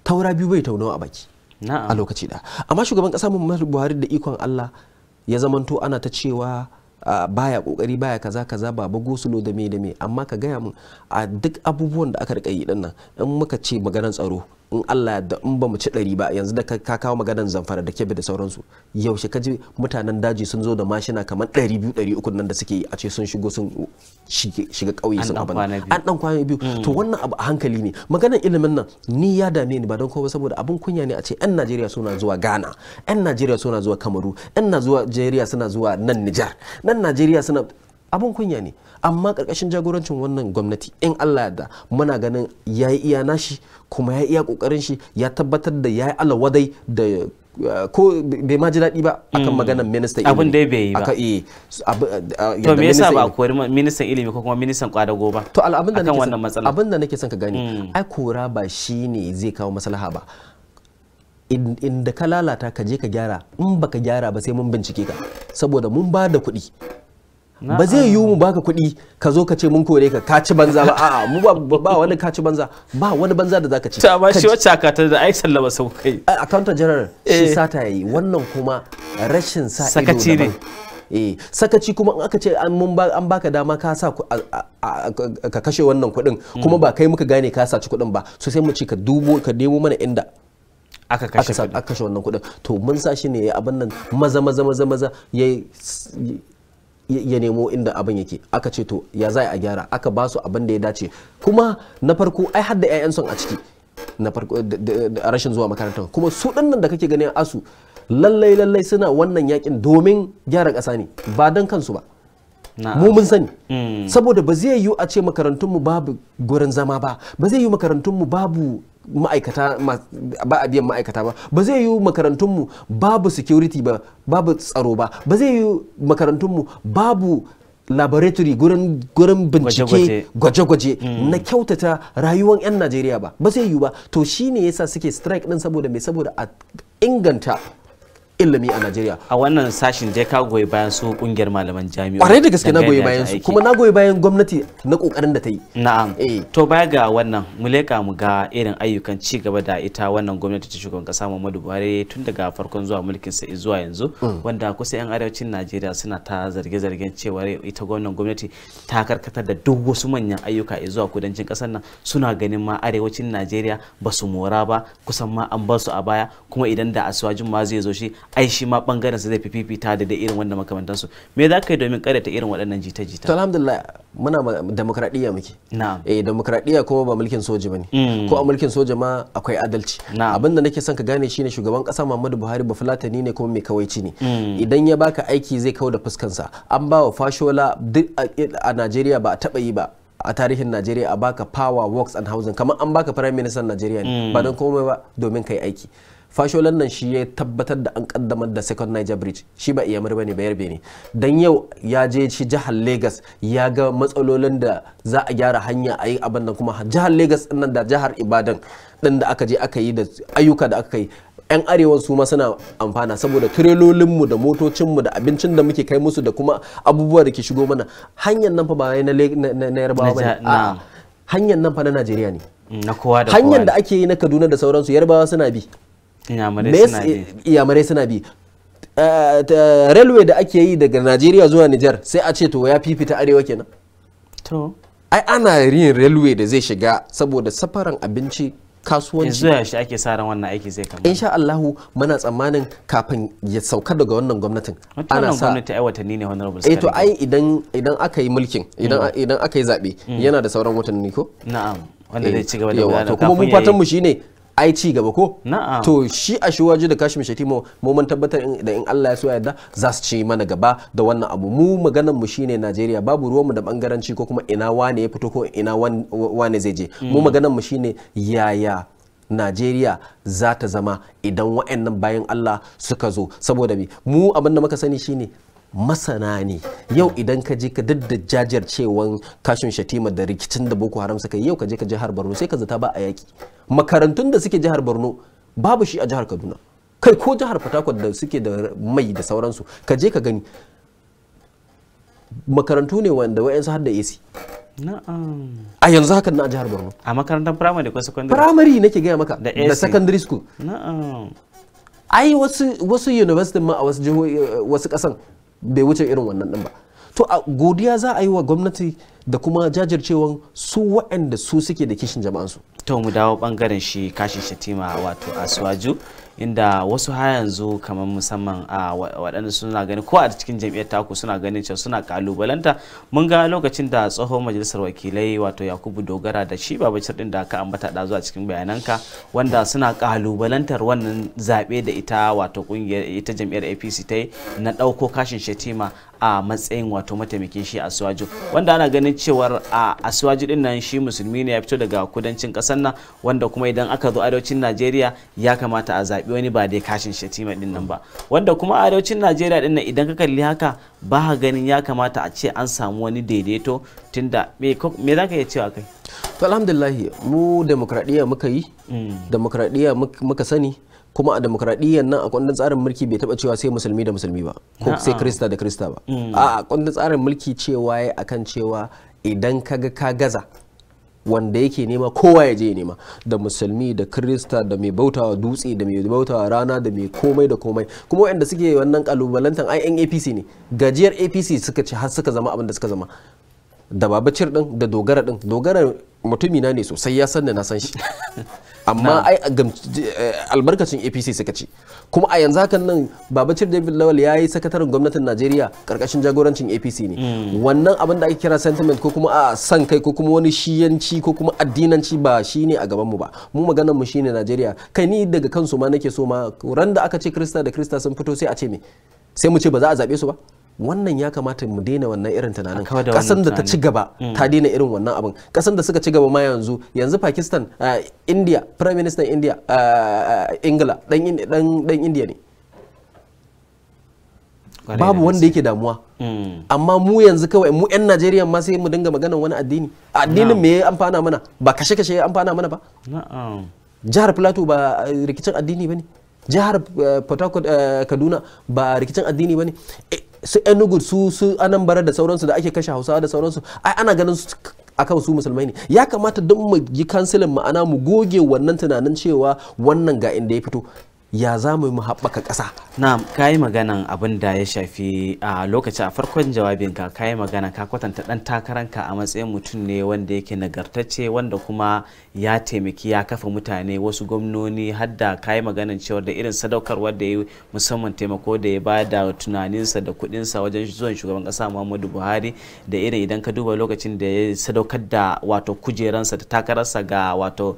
taura biyu bai taunawa a baki a lokaci da amma shugaban kasa muhammadu buhari da ikon allah ya zamanto ana ta cewa baya kokari baya kaza kaza baba gosulo da me da me amma ka gaya mun a duk abubuwan da aka rika yi din in muka ce maganar tsaro in Allah da in ba mu ci ɗari ba yanzu da ka kawo maganar zamfara da kebe da sauransu yaushe ka ji mutanen daji sun zo da mashina kamar ɗari biyu ɗari uku nan da suke a ce sun shigo sun shiga ƙauye sun abin an ɗan kwana biyu hmm. to wannan abu a hankali ne maganar ilimin nan ni ya dame ni ba don kowa saboda abin kunya ne a ce 'yan Najeriya suna zuwa Ghana 'yan Najeriya suna zuwa Kamaru 'yan Najeriya suna zuwa nan Nijar nan Najeriya suna abin kunya ne amma karkashin jagorancin wannan gwamnati in Allah yadda muna ganin ya yi iya nashi kuma ya iya kokarin shi ya tabbatar da ya yi alawadai da eh, ko bai ma ji daɗi ba akan hmm. maganar ministan ilimi abin da bai yi ba eh, eh, to me yasa ba kori ministan ilimi ko kuma ministan kwadago ba to abin da nake wannan matsala abin da nake son ka gani hmm. ai kora ba shine zai kawo maslaha ba inda ka lalata ka je ka gyara in baka gyara ba sai mun bincike ka saboda mun ba da kuɗi ba zai yiwu mu baka kuɗi ka zo ka ce mun kore ka kaci banza ba a'a mu ba wani kaci banza ba wani banza da zaka ci ta ba shi wacce aka ta da ai sallama sau kai accountant general shi eh. sata yayi wannan kuma rashin sa ido sakaci ne eh sakaci kuma in aka ce an mun an baka dama ka sa ka kashe wannan kuɗin kuma mm. ba kai muka gane ka ci kuɗin ba so sai mu ci ka dubo ka nemo mana inda aka kashe aka kashe wannan kuɗin to mun sa shi ne abin nan maza maza maza maza yayi ya nemo inda abin yake aka ce to ya za a gyara aka ba su abin da ya dace kuma na farko ai har da 'ya'yan son a ciki na farko da rashin zuwa makarantar kuma su nan da kake ganin asu lallai lallai suna wannan yakin domin gyara ƙasa ne ba don kansu ba mu mun sani mm. saboda ba zai yiwu a ce makarantunmu babu gurin zama ba ba zai yiwu makarantunmu babu ma'aikata ba a biyan ma'aikata ba ba zai yi makarantunmu babu security ba babu tsaro ba ba zai yi makarantunmu babu laboratory gurin gurin bincike gwaje-gwaje hmm. na kyautata rayuwar 'yan najeriya ba ba zai yi ba to shine yasa suke strike din saboda mai saboda a inganta ilimi a Najeriya. A wannan sashin dai ka goyi bayan su kungiyar malaman jami'o. Kwarai da gaske na goyi bayan su kuma na goyi bayan gwamnati na kokarin da ta yi. Na'am. Eh. To baya ga wannan mu leka mu ga irin ayyukan ci gaba da ita wannan gwamnati ta shugaban kasa Muhammadu Buhari tun daga farkon zuwa mulkin sa zuwa yanzu mm. wanda kusa yan arewacin Najeriya suna ta zarge-zargen cewa ita wannan gwamnati ta karkatar da duk wasu manyan ayyuka zuwa kudancin kasar nan suna ganin ma arewacin Najeriya ba su mora ba kusan ma an ba su a baya kuma idan da asuwajin ma zai zo shi ai shi ma bangaren zai fi fifita da da irin wanda makamantan su me za ka yi domin karyata irin waɗannan jita jita to alhamdulillah muna demokradiyya muke na'am eh demokradiyya kuma ba mulkin soja bane mm. ko a mulkin soja ma akwai adalci abin da nake son ka gane shine shugaban kasa Muhammadu Buhari ba fulatani ne kuma mai kawaici ne mm. idan ya baka aiki zai kawo da fuskansa an ba wa fashola duk a Najeriya ba a taba yi ba a tarihin Najeriya a baka power works and housing kamar an baka prime minister Najeriya ne mm. ba don komai ba domin kai aiki fasholan nan shi ya tabbatar da an kaddamar da second niger bridge shi ba iyamar bane ba yarbe ne dan yau ya je shi jihar lagos ya ga matsalolin da za a gyara hanya a yi abin nan kuma jihar lagos nan da jihar ibadan din da aka je aka yi da ayyuka da aka yi 'yan arewan su ma suna amfana saboda turelolinmu da motocinmu da abincin da muke kai musu da kuma abubuwa da ke shigo mana hanyar nan fa ba na yarbawa ba ne hanyar nan fa na najeriya ne mm, hanyar da ake yi na kaduna da sauransu yarbawa suna bi inyamurai suna bi eh, railway da ake yi daga najeriya zuwa nijar sai a ce to ya fifita arewa kenan to ai ana yin railway da zai shiga saboda safaran abinci kasuwanci yanzu shi ake sa ran wannan aiki zai kama insha Allahu muna tsammanin kafin ya sauka daga wannan gwamnatin ana sa gwamnati ai watanni ne honorable eh to ai idan idan aka yi mulkin idan mm. idan aka yi zabe mm. yana da sauran watanni ko na'am wanda zai ci gaba da to kuma mun fatan mu shine ai ci gaba ko na'am to shi a shi waje da kashmir shatimo mu mun tabbatar da in Allah ya so yarda za su ci mana gaba da wannan abu mu maganar mu shine Najeriya babu ruwan mu da bangaranci ko kuma ina wane ya fito ko ina wane zai je mm. mu maganar mu shine yaya Najeriya za ta zama idan wa'annan bayan Allah suka zo saboda mu abin da muka sani shine masana ne yau idan ka je ka dadda jajircewan kashin shatima da rikicin da boko haram suka yi yau ka je ka jihar borno sai ka zata ba a yaki makarantun da suke jihar borno babu shi a jihar kaduna kai ko jihar fatakwal da suke da mai da sauransu ka je ka gani makarantu ne wanda wayansu har da ac a yanzu hakan na a jihar borno a makarantar primary ko secondary primary nake gaya maka da secondary school ai wasu wasu university ma a wasu jihohi eh, wasu kasan bai wuce irin wannan din ba to a godiya za a yi wa gwamnati da kuma jajircewan su waɗanda su suke da kishin jama'ansu to mu dawo bangaren shi kashin shatima wato asuwaju inda wasu har yanzu kamar musamman a waɗanda suna gani ko a cikin jam'iyyar taku suna ganin cewa suna kalubalanta mun ga lokacin da tsohon majalisar wakilai wato yakubu dogara da shi babacir din da ka ambata da zuwa cikin bayananka wanda suna kalubalantar wannan zaɓe da ita wato kungiyar ita jam'iyyar apc ta yi na ɗauko kashin shetima a matsayin wato mataimakin shi a suwaju wanda ana ganin cewar a asuwaju din nan shi musulmi ne ya fito daga kudancin ƙasar nan wanda kuma idan aka zo arewacin najeriya ya kamata a zaɓe. zaɓi wani ba dai kashin shatima din nan ba wanda kuma arewacin najeriya din nan idan ka kalli haka ba ganin ya kamata a ce an samu wani daidaito tunda me za ka iya cewa kai to alhamdulillahi mu demokradiyya muka yi mm. demokradiyya muka sani kuma a demokradiyyar nan a kundin tsarin mulki bai taba cewa sai musulmi da musulmi ba ko sai krista da krista ba mm. a kundin tsarin mulki cewa ya akan cewa idan kaga ka gaza wanda yake nema kowa ya je nema da musulmi da kirista da mai bautawa dutse da mai bautawa rana da mai komai da komai kuma wanda suke wannan kalubalantan ai apc ne gajiyar apc suka ci har suka zama abin da suka zama da babacir din da dogara din dogara mutumina ne sosai ya san da na san shi [laughs] amma ai eh, albarkacin apc suka ce kuma a yanzu hakan nan babacir david lawal ya yi sakataren gwamnatin najeriya karkashin jagorancin apc ne hmm. wannan abin da ake kira sentiment ko kuma a ah, san kai ko kuma wani shiyanci ko kuma addinanci ba shi ne a gaban mu ba mu maganar mu shine najeriya kai ni daga kansu ma nake so ma ran da aka ce krista da krista sun fito sai a ce me sai mu ce ba za a zabe su ba wannan ya kamata mu daina wannan irin tunanin kasan da ta ci gaba mm. ta daina irin wannan abin kasan da suka ci gaba ma yanzu yanzu pakistan uh, india prime minister india uh, uh, ingila dan india ne babu wanda yake damuwa mm. amma mu yanzu kawai mu 'yan najeriya ma sai mu dinga maganar wani addini addinin me ya amfana mana ba kashe-kashe ya amfana mana ba jihar plateau ba rikicin addini ba ne jihar eh, port eh, kaduna ba rikicin addini ba ne eh, su enugu su su anambra da sauransu da ake kashe hausawa da sauransu ai ana ganin su akan su musulmai ne ya kamata don mu yi kansilin ma'ana mu goge wannan tunanin cewa wannan ga inda ya fito ya za mu haɓaka ƙasa na ka yi maganan abin da ya shafi a lokaci a farkon jawabinka ka yi magana ka kwatanta ɗan takaranka a matsayin mutum ne wanda yake nagartacce wanda kuma ya taimaki ya kafa mutane wasu gwamnoni har da yi maganan cewa da irin sadaukarwa da ya musamman taimako da ya da tunaninsa da kuɗinsa wajen zuwan shugaban ƙasa muhammadu buhari da irin idan ka duba lokacin da ya sadaukar da wato kujeransa da takararsa ga wato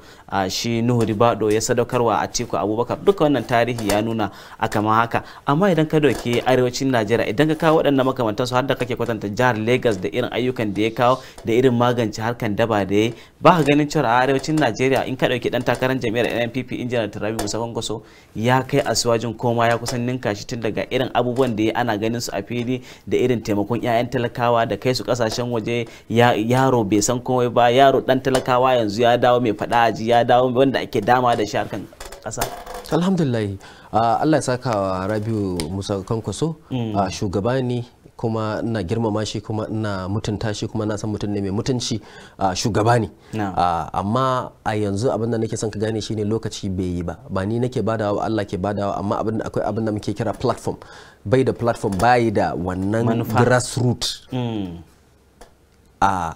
shi nuhu ribado ya sadaukarwa a tiku abubakar duka wannan tarihi ya nuna a kama haka amma idan ka doke arewacin najeriya idan ka kawo waɗannan makamantan su har da kake kwatanta jihar lagos da irin ayyukan da ya kawo da irin magance harkan daba da ya ba ka ganin cewa a arewacin najeriya in ka dauki dan takarar jami'ar npp injiniyar turabi musa kwankwaso ya kai a asuwajin koma ya kusan ninka shi tun daga irin abubuwan da ya ana ganin su a fili da irin taimakon 'ya'yan talakawa da kai su kasashen waje yaro bai san komai ba yaro dan talakawa yanzu ya dawo mai faɗa aji ya dawo wanda ake dama da shi harkan kasa. alhamdulillah ah, allah ya saka wa rabiu musa kwankwaso mm. ah, shugaba ne kuma ina girmama shi kuma ina mutunta shi kuma na san mutum ne mai mutunci ah, shugaba ne amma a yanzu abinda nake son ka gane shi shine lokaci bai yi ba ba ni nake badawa Allah ke badawa amma abinda akwai abin da muke kira platform bai da platform bai da wannan grassroot mm. a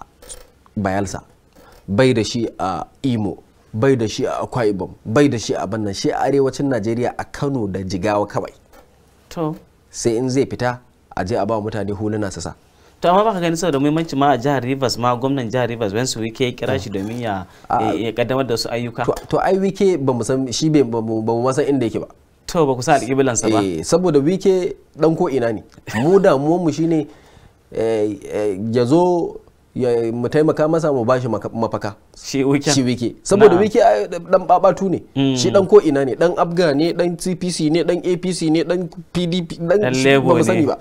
bayelsa bai da shi a imo bai da shi a akwa ibom bai da shi a bannan shi a arewacin najeriya a kano da jigawa kawai to sai in zai fita a je a ba mutane hulunan su sa to amma baka gani saboda muhimmanci ma a jihar Rivers ma gwamnan jihar Rivers Wensu Wike ya kira shi domin ya kaddamar da su ayyuka to ai Wike ba mu san shi ba mu san inda yake ba to ba ku sa alƙiblan sa ba eh, saboda Wike dan ko ina ne mu damuwar mu shine eh, eh, ya zo ya mu taimaka masa mu bashi mafaka shi wiki shi wiki saboda wiki dan babatu ne hmm. shi dan ko ina ne dan abga ne dan cpc ne dan apc ne dan pdp dan ba mu sani ba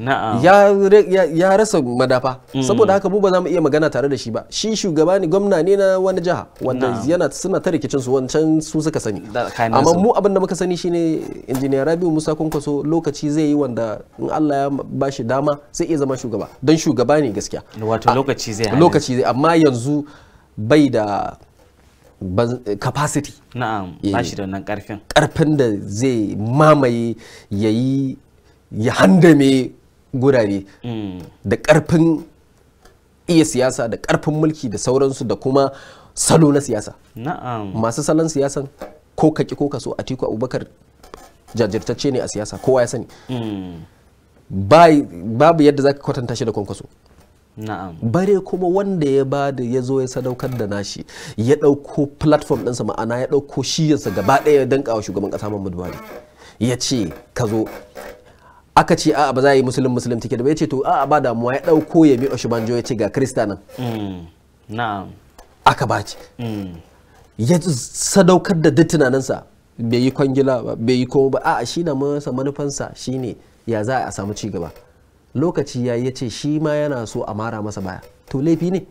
ya rasa madafa mm. saboda haka mu ba za mu iya magana tare da shi ba shi shugaba ne gwamna ne na wani jiha wanda yana suna ta rikicin su wancan su suka sani amma mu abin da muka sani shine injiniya Rabiu Musa Kwankwaso lokaci zai yi wanda in Allah ya ba shi dama zai iya zama shugaba don shugaba ne gaskiya wato lokaci zai lokaci zai amma yanzu bai da capacity na'am eh, ba shi da wannan karfin karfin da zai mamaye yayi ya handame gurare mm. da karfin iya siyasa da karfin mulki da sauransu da kuma salo na siyasa masu salon siyasan ko kaki ko kaso atiku abubakar jajirtacce ne a siyasa kowa ya sani mm. babu yadda za ka kwatanta shi da kwankwaso bare kuma wanda ya ba da ya zo ya sadaukar da nashi ya ɗauko platform ɗinsa ma'ana ya ɗauko shiyarsa gaba ɗaya ya danka shugaban ƙasa Muhammadu Buhari ya ce ka zo aka ce a'a ba za a yi musulun musulun ticket ba ya ce to a'a ba damuwa ya ɗauko ya mi banjo ya ce ga Krista nan. Mm. Na'am. Aka baci. Mm. Ya sadaukar da duk tunaninsa bai yi kwangila ba bai yi komai ba a'a shi na masa manufansa shine ya za a samu ci gaba. Lokaci ya yi ya ce shi ma yana so a mara masa baya. To laifi ne.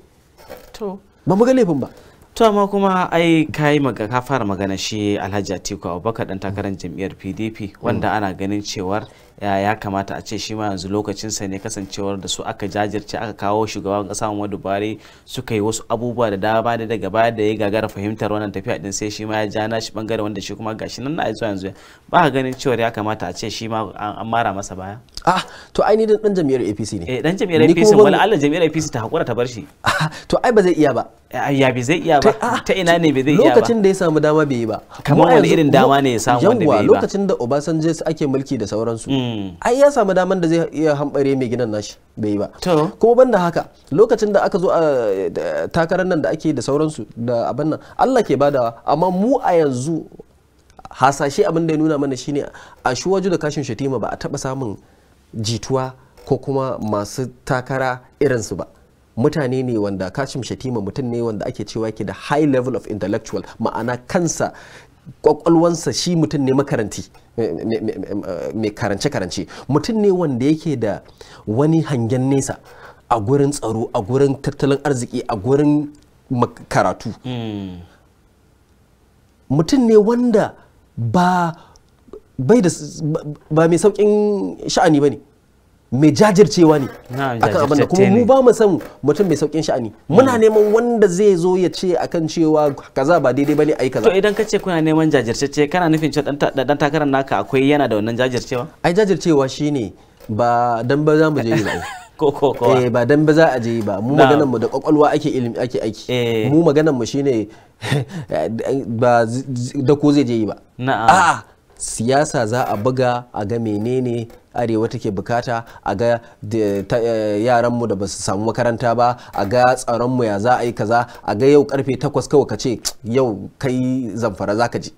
To. Ba mu ga laifin ba. to amma kuma ai kai maga ka fara magana shi Alhaji Atiku Abubakar dan takarar jam'iyyar PDP wanda ana ganin cewar ya kamata a ce shi ma yanzu lokacinsa ne kasancewar da su aka jajirce aka kawo shugaban kasa Muhammadu Buhari suka yi wasu abubuwa da dama da daga baya da ya gagara fahimtar wannan tafiya din sai shi ma ya ja shi bangare wanda shi kuma gashi nan na zuwa yanzu ba ka ganin cewar ya kamata a ce shi ma an mara masa baya ah to ai ni dan jam'iyyar APC ne eh dan jam'iyyar APC wala Allah jam'iyyar APC ta hakura ta bar shi ah, to ai ba zai iya ba ya bi zai iya ba ah, ta ina ne bai zai iya ba lokacin da ya samu dama bai yi ba kamar wani irin dama ne ya samu wanda bai yi ba lokacin da Obasanjo ake mulki da sauransu mm. ai ya samu daman da zai iya hambare mai ginan nashi bai yi ba kuma banda haka lokacin da aka zo ah, a takarar nan da ake da sauransu da abin nan Allah ke badawa amma mu a yanzu hasashe abin da ya nuna mana shine a shuwaju da kashin shatima ba a taba samun jituwa ko kuma masu takara irinsu ba mutane ne wanda kashim shatima mutum ne wanda ake cewa ke da high level of intellectual ma'ana kansa kwakwalwansa shi mutum ne makaranti mai karance-karance mutum ne wanda yake da wani hangen nesa a gurin tsaro a gurin tattalin arziki a gurin karatu mutum ne wanda ba mai saukin sha'ani ba ne mai jajircewa ne akan abin da kuma mu ba mu san mutum mai saukin sha'ani muna mm. neman wanda zai zo ya ce akan cewa kaza ba daidai bane ai kaza to idan ka ce kuna neman jajirce kana nufin cewa dan takarar naka akwai yana da wannan jajircewa ai jajircewa shine ba dan ba za mu je yi ba [laughs] ko ko eh ba dan ba za a je ba mu maganar mu da kwakwalwa ake ilimi ake aiki eh. mu maganar mu shine [laughs] ba da ko zai je yi ba a'a siyasa za a buga a ga menene arewa take bukata a ga eh, yaranmu da ba su samu makaranta ba a ga tsaronmu ya za a yi kaza a ga yau karfe takwas kawai ka ce yau kai zamfara za ka je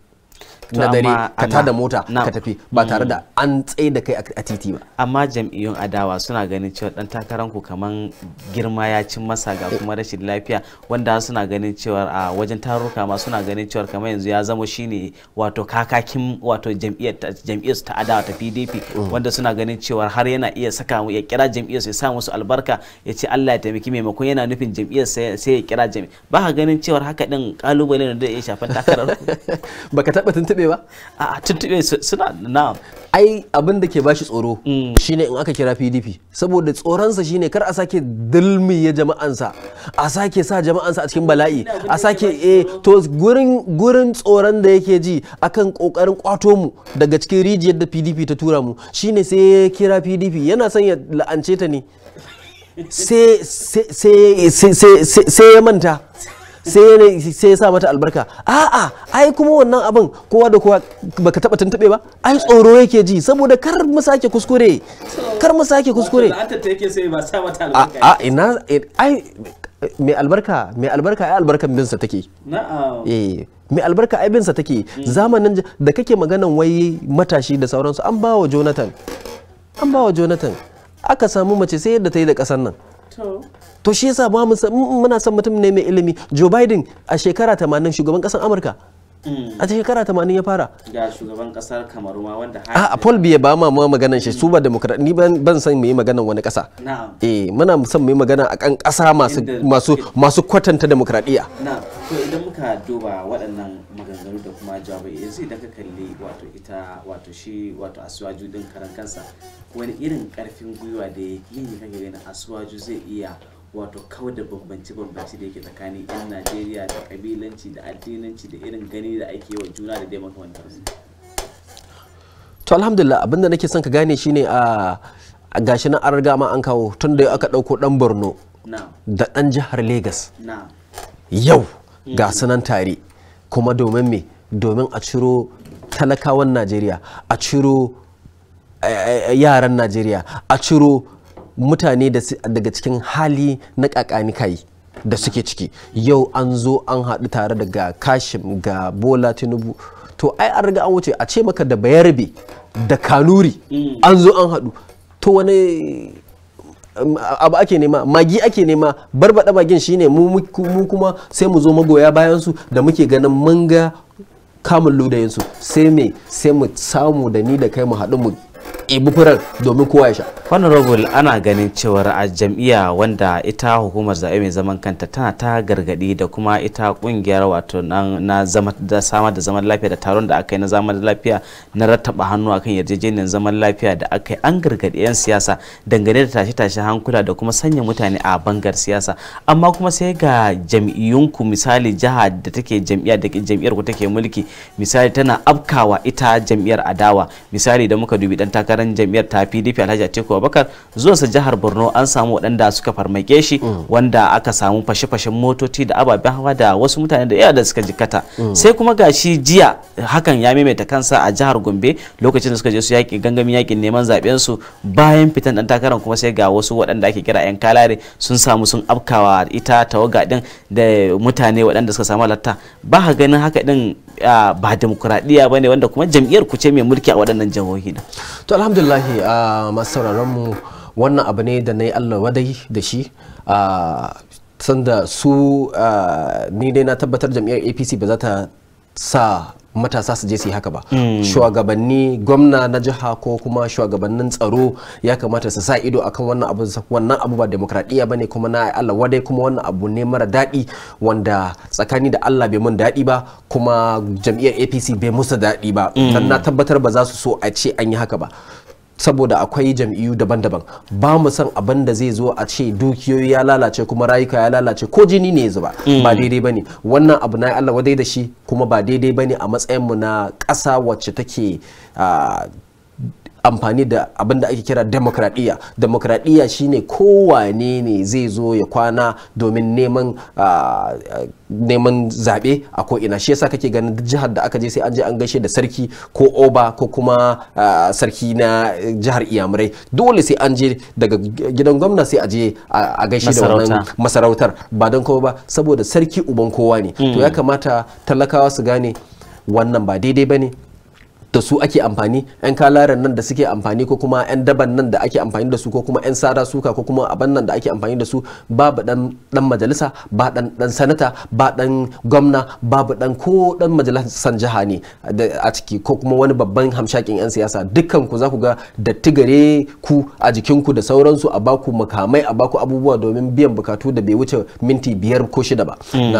na dare ka tada mota ka tafi ba tare mm. da an tsaye da kai a titi ba amma jam'iyyun adawa suna ganin cewa dan takaran ku kaman girma ya cin masa ga kuma eh. rashin lafiya wanda suna ganin cewa a wajen taruka ma suna ganin cewa kamar yanzu ya zama shine wato kakakin wato jam'iyyar ta adawa ta PDP mm. wanda suna ganin cewa har yana iya saka mu ya kira jam'iyyar ya sa musu albarka ya ce Allah ya taimaki maimakon yana nufin jam'iyyar sai ya kira jam'iyyar ba ka ganin cewa haka din kalubale ne da ya shafa takarar [laughs] baka taba tuntube ba a tuntube suna na ai abin da ke bashi tsoro mm. shine in aka kira PDP saboda tsoronsa shine kar a sake dulmiye jama'ansa a sake sa jama'ansa a cikin bala'i a sake eh to gurin gurin tsoron da yake ji akan kokarin kwato mu daga cikin rijiyar da PDP ta tura mu shine sai ya kira PDP yana son ya la'ance ta ne sai sai sai sai ya manta sai sai ya sa mata albarka a'a ai kuma wannan abin kowa da kowa baka taba tuntube ba ai tsoro yake ji saboda kar mu sake kuskure kar mu sake kuskure a ina eh, ai mai albarka mai albarka ai albarkan binsa take na'am eh mai albarka sa take hmm. zamanin da kake maganan wai matashi da sauransu an ba wa jonathan an ba wa jonathan aka samu mace sai yadda ta yi da ƙasar nan to shi yasa ba muna son mutum ne mai ilimi Joe Biden a shekara 80 shugaban kasar Amurka mm. a shekara 80 ya fara ga shugaban kasar Kamaru ma wanda a Paul Biya ba ma maganan shi su ba demokrat ni ban san mu yi maganan wani kasa na'am eh muna son mu yi magana akan kasa masu masu masu kwatanta demokradiya na'am to idan muka duba waɗannan maganganu da kuma jawabai yanzu idan ka kalli wato ita wato shi wato asuwaju din karan kansa wani irin karfin gwiwa da yake yi kake ganin asuwaju zai iya wato kawai da bambanci-bambanci da yake tsakanin 'yan najeriya da kabilanci da addinanci da irin gani da ake wa juna da wani makamantarsu to alhamdulillah abinda nake son ka gane shi ne a gashi na an gama an kawo tun da aka ɗauko ɗan borno da ɗan jihar lagos yau mm. ga sunan tare kuma domin me domin a ciro talakawan najeriya a ciro eh, eh, eh, yaran najeriya a ciro mutane daga cikin hali na kakani kai da suke ciki yau an zo an haɗu tare da kashim ga bola tinubu to ai an riga an wuce a ce maka da bayarbe da kanuri mm. an zo an haɗu to wani um, abu ake nema magi ake nema barbaɗa magin shine mu kuma sai mu zo magoya bayan su da muke ganin manga kamun ludayinsu sai me sai mu samu da ni da kai mu haɗu mu ɗebi furen domin kowa ya sha. honorable ana ganin cewar a jam'iyya wanda ita hukumar zaɓe mai zaman kanta tana ta gargaɗi da kuma ita ƙungiyar wato na zama da samar da zaman lafiya da taron da aka yi na zaman lafiya na rattaba hannu akan yarjejeniyar zaman lafiya da aka yi an gargaɗi 'yan siyasa dangane da tashe-tashe hankula da kuma sanya mutane a bangar siyasa amma kuma sai ga jam'iyyunku misali jiha da take jam'iyyar da jam'iyyar ku take mulki misali tana afkawa ita jam'iyyar adawa misali da muka dubi dan takara sakataren jam'iyyar ta pdp alhaji atiku abubakar su jihar borno an samu waɗanda suka farmake shi mm. wanda aka samu fashe-fashen motoci da ababen hawa da wasu mutane da yawa da suka jikata mm. sai kuma ga gashi jiya hakan ya maimaita kansa a jihar gombe lokacin da suka je su yaƙi gangamin yaƙin neman zaɓen su bayan fitan ɗan takarar kuma sai ga wasu waɗanda ake kira 'yan kalare sun samu sun afkawa ita tawaga ɗin da mutane waɗanda suka samu halatta ba ka ganin haka ɗin ba demokuraɗiyya ba ne wanda kuma jam'iyyar ku ce mai mulki a waɗannan jihohi alhamdulahi a uh, masu mu wannan abu ne da na yi allah wadai da shi uh, sanda su uh, ni dai na tabbatar jam'iyyar apc ba za ta sa matasa su je su yi haka ba hmm. shugabanni gwamna na jiha ko kuma shugabannin tsaro ya kamata su sa ido akan wannan abu wannan abu ba demokradiya bane kuma na Allah wadai kuma wannan abu ne mara daɗi wanda tsakani da Allah bai mun daɗi ba kuma jam'iyyar APC bai musu daɗi ba hmm. dan na tabbatar ba za su so a ce an yi haka ba saboda akwai jam'iyyu daban-daban ba mu san abin da zai zo a ce dukiyoyi ya lalace kuma rayuka ya lalace ko jini ne ya zuba mm. ba daidai bane wannan abu na yi Allah wadai da shi kuma ba daidai bane a matsayin mu na ƙasa wacce take ah, amfani da abin da ake kira demokradiyya demokradiyya shine kowane ne zai zo ya kwana domin neman ah, neman zaɓe a ko ina shi yasa kake ganin jihar da aka je sai an je an gaishe da sarki ko oba ko kuma ah, sarki na jihar iyamurai dole sai an je daga gidan gwamna sai a je a gaishe da wannan masarautar ba don kowa ba saboda sarki uban kowa ne to ya mm. kamata talakawa su gane wannan ba daidai ba ne da su ake amfani yan kalaran nan da suke amfani ko kuma yan daban nan da ake amfani da su ko kuma yan sara suka ko kuma aban nan da ake amfani da su babu dan dan majalisa ba dan dan sanata ba dan gwamna babu dan ko dan majalisan jiha ne a ciki ko kuma wani babban hamshakin yan siyasa dukkan ku za ku ga da gare ku a jikin ku da sauransu a baku makamai a baku abubuwa domin biyan bukatu da bai wuce minti biyar ko shida ba mm.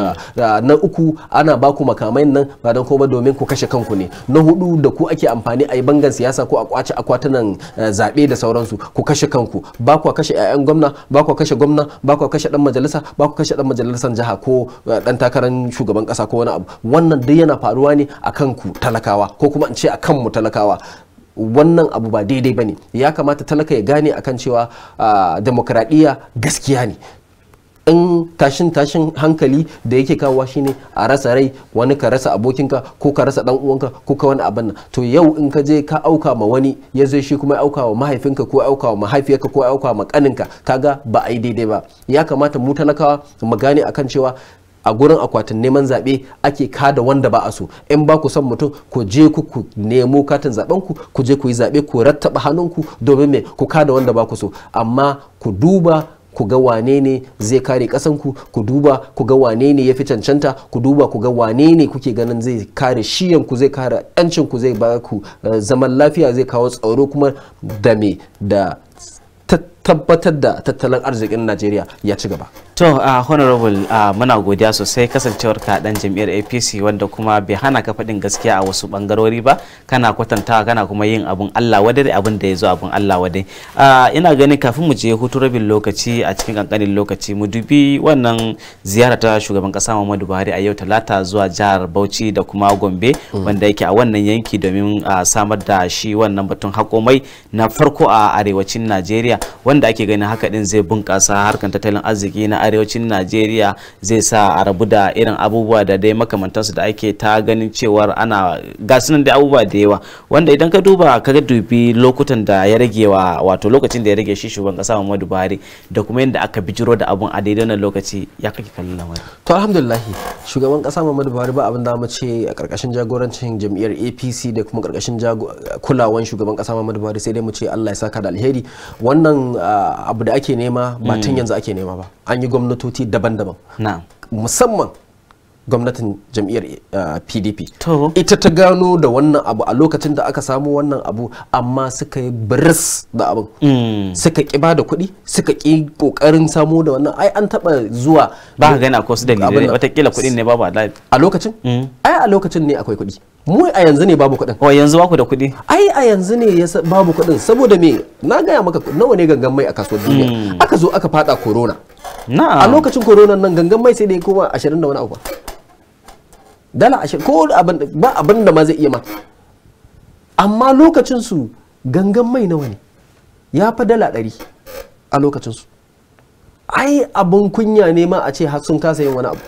na uku ana baku makamai nan ba dan ko ba domin ku kashe kanku ne na hudu da ku ake amfani a yi bangan siyasa ko a kwace akwatunan eh, zaɓe da sauransu ku kashe kanku ba ku kashe 'ya'yan gwamna ba ku kashe gwamna ba ku kashe dan majalisa ba ku kashe dan majalisan jiha ko dan eh, takarar shugaban kasa ko wani abu wannan duk yana faruwa ne a kanku talakawa ko kuma in ce a kanmu talakawa wannan abu ba daidai ba ne ya kamata talaka ya gane akan cewa ah, demokradiyya gaskiya ne in tashin tashin hankali da yake kawowa shine a rasa rai wani ka rasa abokinka ko ka rasa dan uwanka ko ka wani abin nan to yau in ka je ka auka ma wani ya zai shi kuma auka wa mahaifinka ko auka wa mahaifiyarka ko auka wa kaninka kaga ba a yi daidai ba ya kamata mu talakawa mu gane akan cewa a gurin akwatin neman zaɓe ake kada wanda ba a so in ba ku son mutum ku je ku ku nemo katin zaben ku ku je ku yi zaɓe ku rattaba hannunku domin me ku kada wanda ba ku so amma ku duba ku ga wane ne zai kare kasanku ku duba ku ga wane ne ya fi cancanta ku duba ku ga wane ne kuke ganin zai kare shiyanku zai kare ku zai ba ku eh, zaman lafiya zai kawo tsaro kuma da me da tabbatar da tattalin arzikin najeriya ya ci gaba to uh, honorable uh, muna godiya sosai kasancewar ka dan jam'iyyar apc wanda kuma bai hana ka faɗin gaskiya a wasu bangarori ba kana kwatantawa kana kuma yin abun allah wadai abin da ya zo abun allah wadai ina ganin kafin mu je hutu rabin lokaci a cikin kankanin lokaci mu dubi wannan ziyara ta shugaban kasa muhammadu buhari a yau talata zuwa jihar bauchi da kuma gombe mm. wanda yake a wannan yanki domin samar da shi wannan batun hakomai na farko a arewacin najeriya wanda ake ganin haka din zai bunƙasa harkar tattalin arziki na arewacin najeriya zai sa a rabu da irin abubuwa da dai makamantansu da ake ta ganin cewar ana gasunan da abubuwa da yawa wanda idan ka duba ka dubi lokutan da ya rage wa wato lokacin da ya rage shi shugaban kasa muhammadu buhari da kuma yadda aka bijiro da abun a daidai wannan lokaci ya kake kallon lamarin to alhamdulillah shugaban kasa muhammadu buhari ba abin da mu ce a karkashin jagorancin jam'iyyar apc da kuma karkashin kulawan shugaban kasa muhammadu buhari sai dai mu ce allah ya saka da alheri wannan abu da ake nema ba tun hmm. yanzu ake nema ba an yi gwamnatoci daban-daban musamman gwamnatin jam'iyyar pdp eh, ita ta gano da wannan abu a lokacin da aka samu wannan abu amma suka yi biris da abin mm. suka ki ba da kuɗi suka ki kokarin samu da wannan ai an taɓa zuwa ba ka gani akwai su dalilai watakila kuɗin ne babu a lokacin mm. ai a lokacin ne akwai kuɗi mu a yanzu ne babu kuɗin. O oh, yanzu ba ku da kuɗi. Ai a yanzu ne ya babu kuɗin saboda me na gaya maka nawa ne gangan mai a kasuwar duniya. Mm. Aka zo aka fada corona. A lokacin corona nan gangan mai sai dai kuma 20 ashirin da wani abu. dala ashirin ko abin ba abin da ma zai iya ma amma lokacin su gangan mai nawa ne ya fa dala ɗari a lokacin su ai abin kunya ne ma a ce har sun kasa yin wani abu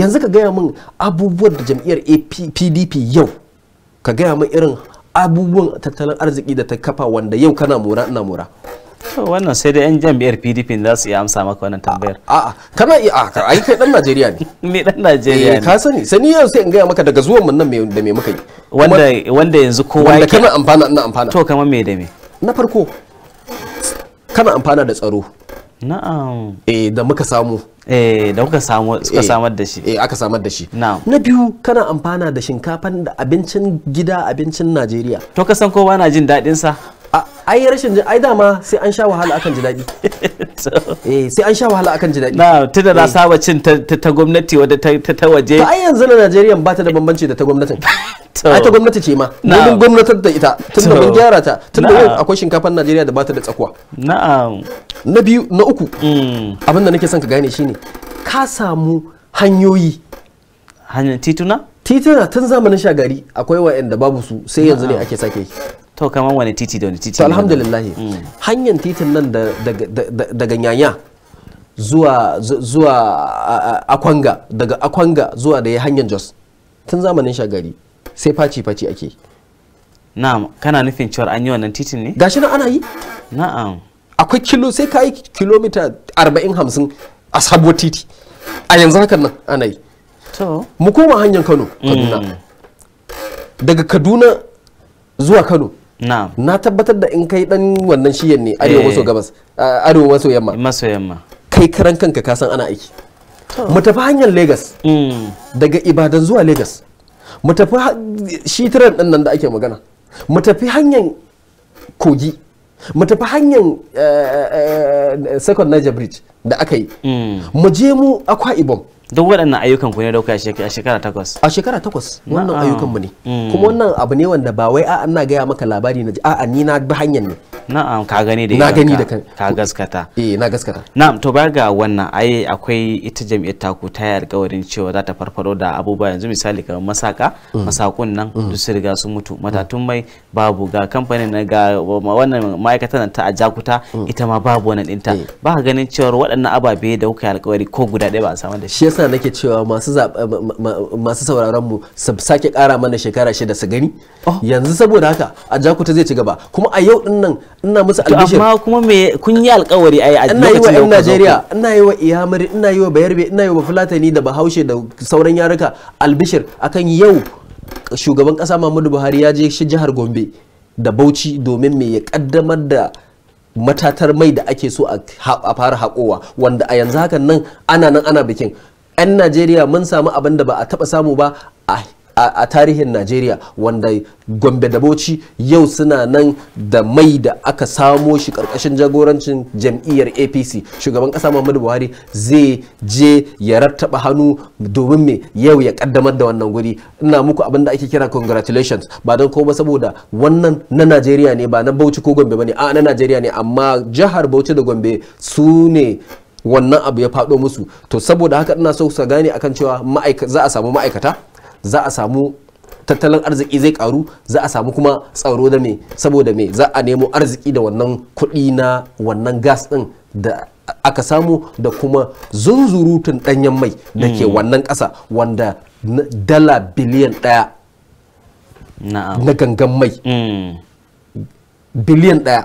yanzu ka gaya min abubuwan da jam'iyyar pdp yau ka gaya min irin abubuwan tattalin arziki da ta kafa wanda yau kana mora ina mora wannan sai da 'yan jam'iyyar pdp za su iya amsa maka wannan tambayar a'a kana iya a ai kai dan najeriya ne [laughs] ni dan najeriya eh, ne ka sani sani yau sai in gaya maka daga zuwan mun nan da me muka yi wanda wanda yanzu kowa wanda kana amfana ina amfana to kamar me da me na farko kana amfana da tsaro na'am eh da muka samu eh da kuka samu suka eh, samar da shi eh aka samar da shi na biyu kana amfana da shinkafan da abincin gida abincin najeriya to ka san kowa na jin daɗin sa ai rashin ai dama sai an sha wahala akan ji daɗi [laughs] eh sai an sha wahala akan ji daɗi na tunda na eh. saba cin ta gwamnati wadda ta ta waje to ai yanzu na Najeriya ba ta da bambanci da ta gwamnatin [laughs] ai ta gwamnati ce ma mun gwamnatar da ita tunda mun gyara ta tunda akwai shinkafar Najeriya da ba ta da tsakuwa na'am na biyu na uku mm. abin da nake son ka gane shine ka samu hanyoyi hanyar tituna tituna tun zamanin shagari akwai wa'anda babu su sai yanzu ne ake sake yi to kamar wani titi da wani titi to alhamdulillah mm. hanyar titin nan daga nyanya zuwa zuwa akwanga daga akwanga zuwa da ya hanyar jos tun zamanin shagari sai faci faci ake na'am kana nufin cewar an yi wannan titin ne gashi nan ana yi na'am akwai kilo sai ka yi kilomita 40 50 a sabuwar titi a yanzu haka nan ana yi mu koma hanyar kano kaduna mm. daga kaduna zuwa kano na tabbatar da in kai dan wannan shiyan ne arewa maso eh. gabas arewa maso yamma maso yamma kai karan kanka ka san ana aiki mu tafi hanyar Lagos mm. daga Ibadan zuwa Lagos mu tafi shi tiran din nan da ake magana mu tafi hanyar kogi mu tafi hanyar eh, eh, second Niger bridge da aka yi mm. mu je mu akwa ibom duk waɗannan ayyukan ku ne dauka a shekara takwas a shekara takwas wannan ayyukan mu ne mm. kuma wannan abu ne wanda ba wai a'a ina gaya maka labari na a'a ni na bi hanyar ne na'am ka gani da na gani da ka gaskata eh na gaskata na'am to ba ga wannan ai akwai ita jami'ar taku ta yi alƙawarin cewa za ta farfado da abubuwa yanzu misali kamar masaka mm. masakun nan mm. duk su riga sun mutu matatun mai babu ga kamfanin na ga wannan ma'aikatan ta a jakuta ita ma babu wannan dinta eh. ba ganin cewar waɗannan ababe da kuka yi alƙawari ko guda ɗaya ba a samu da shi yasa nake cewa masu eh, masu sauraron mu su sake kara mana shekara shida su gani oh. yanzu saboda haka a jakuta zai ci gaba kuma a yau din nan ina musu albishir amma kuma me kun yi alkawari ai a lokacin ina yi wa Najeriya ina yi wa Iyamuri ina yi wa Bayarbe ina yi wa Fulatani da Bahaushe da sauran yaruka albishir akan yau shugaban kasa Muhammadu Buhari ya je shi jihar Gombe da Bauchi domin me ya kaddamar da matatar mai da ake so a fara haƙowa wanda a yanzu hakan nan ana nan ana bikin 'yan najeriya mun samu abin da ba a taba samu ba a tarihin najeriya wanda gombe da bauchi yau suna nan da mai da aka samo shi karkashin jagorancin jam'iyyar apc shugaban kasa muhammadu buhari zai je ya rattaba hannu domin me yau ya kaddamar da wannan guri ina muku abin da ake kira congratulations ba don koma saboda wannan na najeriya ne ba na bauchi ko gombe ba ne a na najeriya ne amma jihar bauchi da gombe su ne wannan abu ya faɗo musu to saboda haka ina so su gane akan cewa za a samu ma'aikata za a samu tattalin arziki zai karu za a samu kuma tsaro da me saboda me za a nemo arziki da wannan kuɗi na wannan gas ɗin da aka samu da kuma zunzurutun ɗanyen mai da ke hmm. wannan ƙasa wanda dala biliyan ɗaya na gangan mai hmm. biliyan ɗaya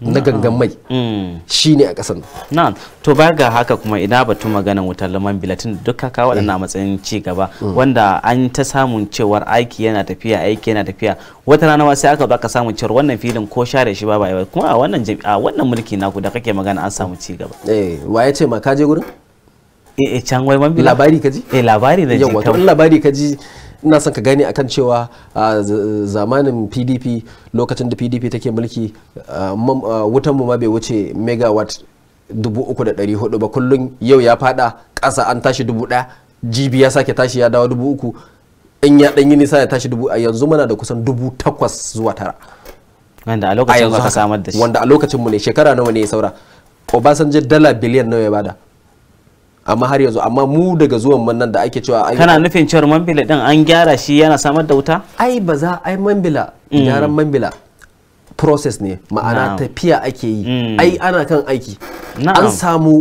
na gangan mai mm. shi ne a ƙasar nan to baya ga haka kuma ina batu maganan wutar laman bilatin duk kaka waɗanda mm. matsayin ci gaba mm. wanda an ta samun cewar aiki yana tafiya aiki yana tafiya wata rana ma sai aka ka samun cewar wannan filin ko share shi ba ba kuma a wannan a wannan mulki naku da kake magana an samu ci gaba eh ya ce ma ka je gurin eh, eh can wai man labari ka ji eh labari da ji yawa labari ka ji ina son ka gani akan cewa a zamanin pdp lokacin da pdp take mulki wutanmu ma bai wuce megawatt dubu uku da hudu ba kullum yau ya fada ƙasa an tashi dubu 1,000 jibi ya sake tashi ya dawo uku in ya yi nisa ya tashi dubu a yanzu muna da kusan dubu takwas zuwa tara wanda a lokacin ka samar da shi wanda a mu ne shekara nawa ne ya saura obasanjo dala biliyan nawa ya bada amma har yanzu amma mu daga zuwan man nan da ake cewa ai kana nufin cewar manbila din an gyara shi yana samar da wuta ai ba za ai manbila mm. gyaran manbila process ne ma'ana tafiya ake yi mm. ai ana kan aiki an samu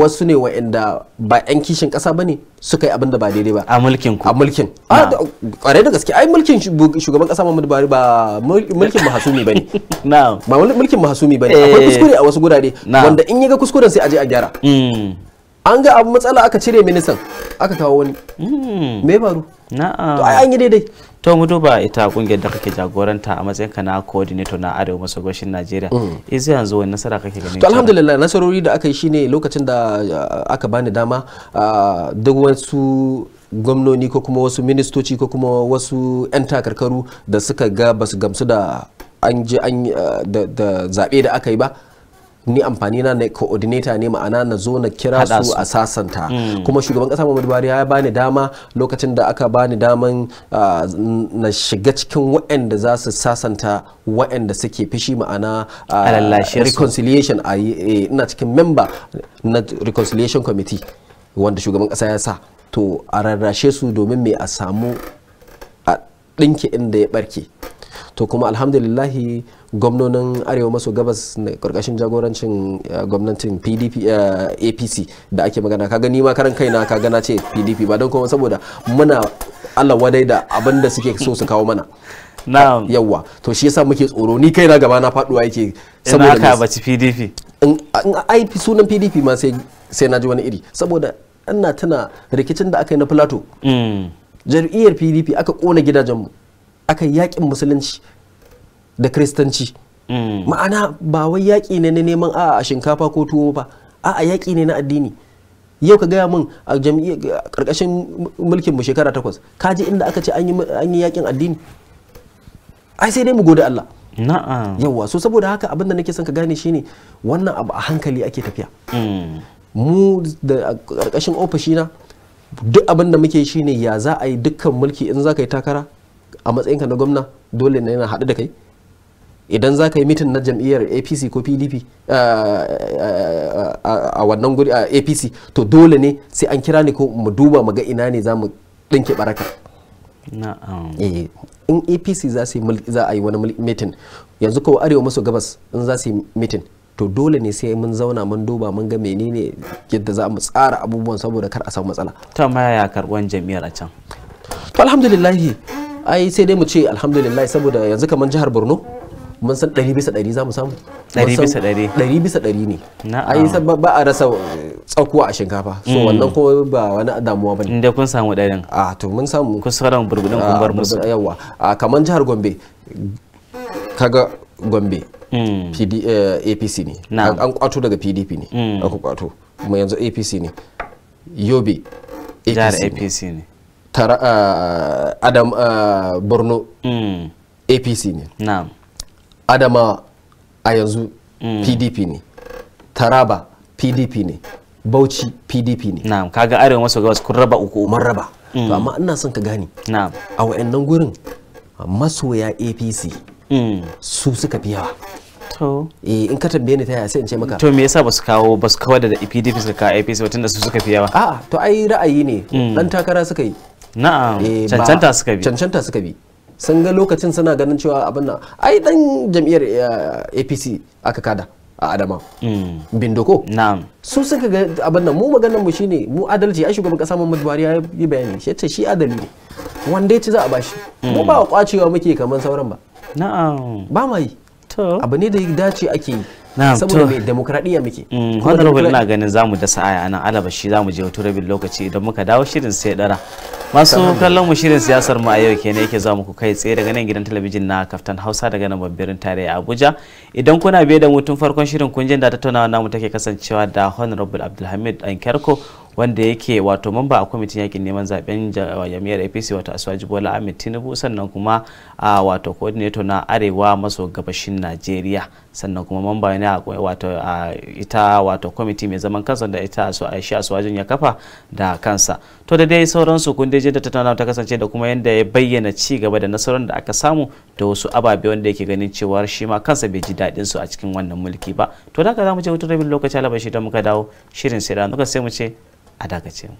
wasu ne wa'anda ba 'yan kishin ƙasa ba ne suka yi abin da ba daidai ba a mulkin ku a mulkin ah, ƙwarai da gaske ai mulkin shugaban ƙasa Muhammadu Buhari ba mulkin mahasumi bane ba [laughs] mulkin mahasumi bane akwai eh. kuskure a wasu gurare wanda in ya ga kuskuren sai a je a gyara mm. an ga abu matsala aka cire ministan aka kawo wani hmm. me na'am to ai an yi daidai to mu duba ita kungiyar da kake jagoranta a matsayin ka na coordinator na arewa maso gabashin Najeriya yanzu hmm. eh, yanzu wani nasara kake ganin to alhamdulillah nasarori da aka yi shine lokacin da uh, aka bani dama uh, duk wasu gwamnoni ko kuma wasu ministoci ko kuma wasu 'yan takarkaru da suka ga basu gamsu da an ji an uh, da zaɓe da aka yi ba ni amfani na na coordinator ne ma'ana na zo na kira su a sasanta hmm. kuma shugaban kasa Muhammadu Buhari ya bani dama lokacin da aka bani daman na shiga cikin waɗanda za su sasanta waɗanda suke fishi ma'ana reconciliation a eh, ina cikin member na reconciliation committee wanda shugaban kasa ya sa to a rarrashe su domin me a samu a ɗinke inda ya barke to kuma alhamdulillahi gwamnonin arewa maso gabas na karkashin jagorancin eh, gwamnatin pdp eh, apc da ake magana ka ni ma karan kaina ka gana ce pdp ba don kuma saboda muna allah wadai da abin da suke so su kawo mana na yawa to shi yasa muke tsoro ni kaina gaba na faduwa yake saboda aka baci pdp in ai sunan pdp ma sai sai na ji wani iri saboda ina tana rikicin da aka yi na plato mm. jam'iyyar pdp aka kona gidajenmu aka yi yakin musulunci da kristanci mm. ma'ana ba wai yaƙi ne na neman a shinkafa ko tuwo ba a yaƙi ne na addini yau ka gaya min a ƙarƙashin mulkin mu shekara takwas ka ji inda aka ce an yi yaƙin addini ai sai dai mu gode Allah na'am yawa so saboda haka abin da nake son ka gane shine wannan abu a hankali ake tafiya mm. mu da ƙarƙashin ofishina na duk abin da muke shine ya za a yi dukkan mulki in za ka yi takara a matsayinka na gwamna dole ne yana haɗu da kai idan za ka yi mitin na jam'iyyar apc ko pdp eh, eh, eh, a wannan guri a apc to dole ne sai an kira ni ko mu duba mu ga ina ne za mu ɗinke baraka in apc za a yi wani mitin yanzu ko arewa maso gabas in za su yi mitin to dole ne sai mun zauna mun duba mun ga menene yadda za mu tsara abubuwan saboda kar a samu matsala ta maya ya jam'iyyar a can alhamdulillahi ai sai dai mu ce alhamdulillah saboda yanzu kaman jihar borno mun san ɗari bisa ɗari za mu samu ɗari bisa ɗari ɗari bisa ɗari ne ai ba a rasa eh, tsakuwa a shinkafa so mm. wannan ko ba wani damuwa bane inda kun samu ɗarin a to mun samu kun sauran burbuɗin kun bar musu yawa a kamar jihar gombe kaga gombe mm. eh, apc ne an kwato daga pdp ne mm. aka kwato kuma yanzu apc ne yobe apc ne tara uh, adam uh, borno mm. apc ne no. adama a yanzu mm. pdp ne taraba pdp ne bauchi pdp ne na'am kaga arewa maso gabas kun raba uku mun raba mm. to hmm. amma ina son ka gane na'am a wayannan gurin masoya apc hmm. su suka fi yawa to eh in ka tambaye ni ta yaya sai in ce maka to me yasa basu kawo basu kawar da PDP suka kawo APC ba tunda su suka fi yawa a'a to ai ra'ayi ne hmm. dan takara suka yi na'am eh, cancanta suka bi cancanta suka bi sun ga lokacin suna ganin cewa abin nan ai dan jam'iyyar eh, APC aka kada a adama mm. bindoko na'am su suka ga abin nan mu maganar mu shine mu adalci ai shugaban kasa Muhammadu Buhari ya yi bayani shi ce shi adali ne wanda ci za a bashi mm. mu ba kwacewa muke kaman sauran ba na'am ba ma yi to abu ne da ya dace ake yi saboda mai demokradiyya muke mm, honorable ina ganin zamu dasa aya nan alabashi zamu je wa turabin lokaci idan muka dawo shirin sai dara masu kallon mu shirin siyasar mu a yau kenan yake za muku kai tsaye daga nan gidan talabijin na kaftan hausa daga nan babbirin tarayya abuja idan kuna biye da mu tun farkon shirin kun jin da tattaunawa namu take kasancewa da honorable abdulhamid ankerko wanda yake wato mamba a kwamitin yakin neman zaben jami'ar apc wato asuwaji bola ahmed tinubu sannan kuma a wato coordinator na arewa maso gabashin najeriya sannan kuma mamba ne a wato a ita wato kwamiti mai zaman kansa da ita su Aisha Suwajin ya kafa da kansa to da dai sauransu kun dai da tattauna ta kasance da kuma yadda ya bayyana ci gaba da nasarar da aka samu da wasu ababe wanda yake ganin cewa shi ma kansa bai ji daɗin su a cikin wannan mulki ba to da haka za mu je wutar rabin lokaci shi don muka dawo shirin sai da muka sai mu ce a dakace mu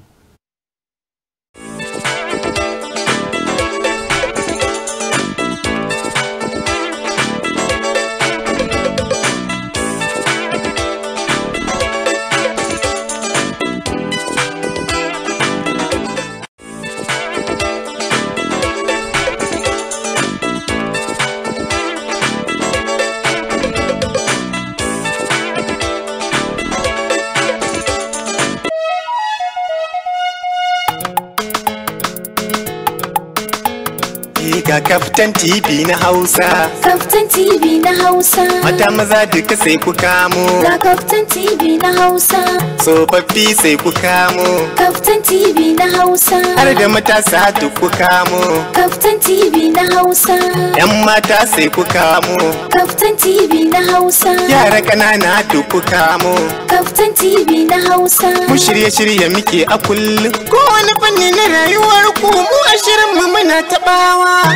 ga kaftan TV na Hausa. Kaftan TV na Hausa. Mata maza duka sai ku kamo. Ga kaftan TV na Hausa. Tsofaffi sai ku kamo. Kaftan TV na Hausa. Har da matasa duk ku kamo. Kaftan TV na Hausa. Yan mata sai ku kamo. Kaftan TV na Hausa. Yara ƙanana duk ku kamo. Kaftan TV na Hausa. Mu shirye-shirye muke a kullum. Kowane fanni na rayuwar ku mu a shirin mu muna taɓawa.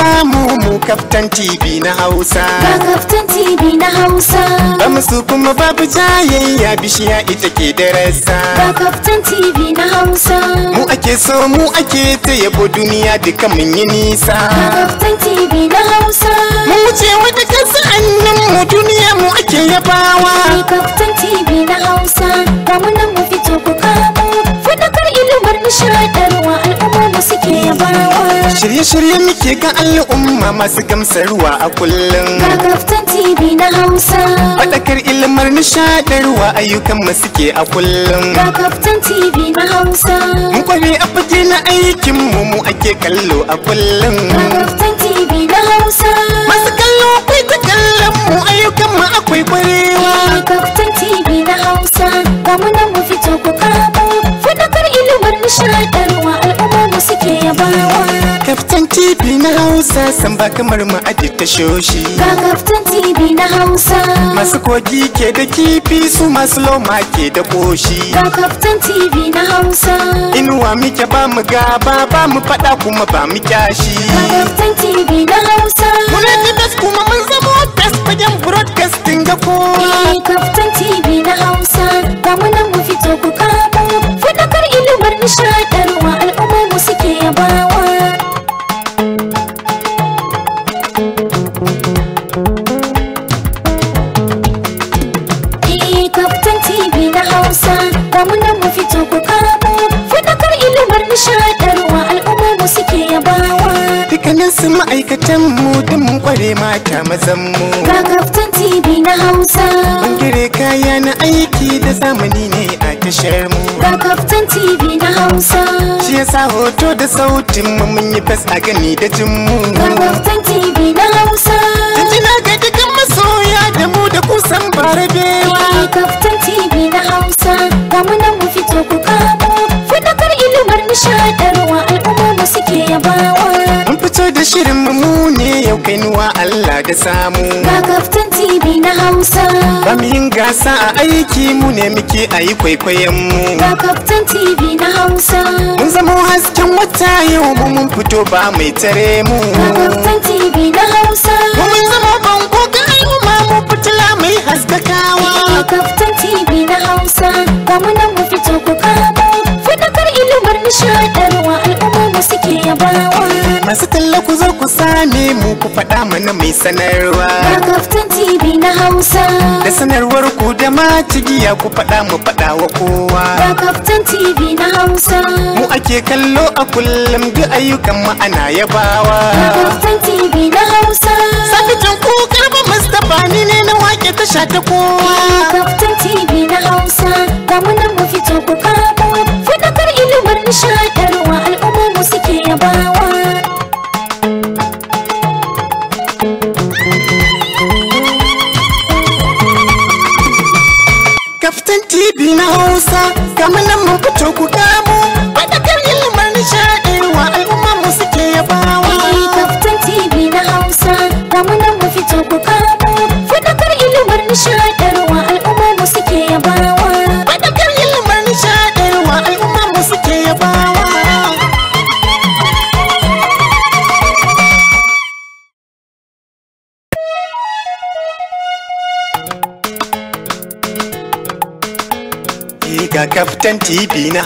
kamu mu kaftan TV na Hausa. Ba kaftan TV na Hausa. Ba musu kuma babu jayayya bishiya ita ke darasa. Ba kaftan TV na Hausa. Mu ake so mu ake ta yabo duniya duka mun yi nisa. Ba kaftan TV na Hausa. Mu wuce wata kasa annan mu duniya mu ake yabawa. Ba kaftan TV na Hausa. Ba mu nan mu fito ku kamo. Fadakar ilimar nishadarwa al'umma. suke bawa shirye-shirye muke ga al'umma masu gamsarwa a kullum gagaftan tv na hausa faɗakar ilimar nishadarwa ayyukan mu suke a kullum gagaftan tv na hausa mu kware a fage na aikin mu mu ake kallo a kullum gagaftan tv na hausa masu kallo kai ta kallon mu ayyukan mu akwai kwarewa gagaftan tv na hausa ga mu nan mu fito ku karɓo faɗakar ilimar nishadarwa al'umma suke yabawa kaftan tv na hausa san ba kamar mu a ta shoshi ga kaftan tv na hausa masu kogi ke da kifi su masu loma ke da koshi ga kaftan tv na hausa inuwa muke ba mu gaba ba mu fada kuma ba mu kyashi ga kaftan tv na hausa muna da kuma mun zama best fagen broadcasting ga ko eh kaftan tv na hausa ga mu nan mu fito ku kaba fadakar ilimin nishadarwa jarabawa Eh kaftan TV na Hausa ga mu nan mu fito ku kamo fadakar ilimar nishadarwa al'ummar mu suke bawa. dukkanin su ma'aikatan mu duk mun kware mata mazan mu ga kaftan tv na hausa Mun gire kaya na aiki da zamani ne a tashar mu ga kaftan tv na hausa shi yasa hoto da sautin mu mun yi fes a gani da jin mu ga kaftan tv na hausa jinjina ga dukkan masoya da mu da kusan barabewa ga kaftan tv na hausa ga mu nan mu fito ku kamo fadakar ilimar nishadarwa al'umma mu suke yabawa mun fito da shirin mu ne yau kainuwa Allah da samu ga kaftan TV na Hausa ba mu yin gasa a aiki mu ne muke ayi kwaikwayon mu ga kaftan TV na Hausa mun zama hasken wata yau mu mun fito ba mai tare mu ga kaftan TV na Hausa mun zama bango ga ma mu fitila mai haskakawa ga kaftan TV na Hausa ga mu nan mu fito ku kama. fadakar ilimar nishadarwa suke yabawa masu talla ku zo ku mu ku faɗa mana mai sanarwa ga kaftan tv na hausa da sanarwar ku da ma cigiya ku faɗa mu faɗa wa kowa ga kaftan tv na hausa mu ake kallo a kullum duk ayyukan mu ana yabawa ga kaftan tv na hausa sabitin ku karba mustapha ni ne na wake tasha ta kowa kaftan tv na hausa ga mu nan mu fito ku kamo fadakar ilimin nishadi yarbawa kaftan na hausa kamar nan mun fito ku kamo faɗakar ilmar nishaɗi wa al'umma mu suke bawa kaftan eh, tv na hausa kamar nan mun fito ku kamo faɗakar ilmar nishaɗi wa al'umma mu suke bawa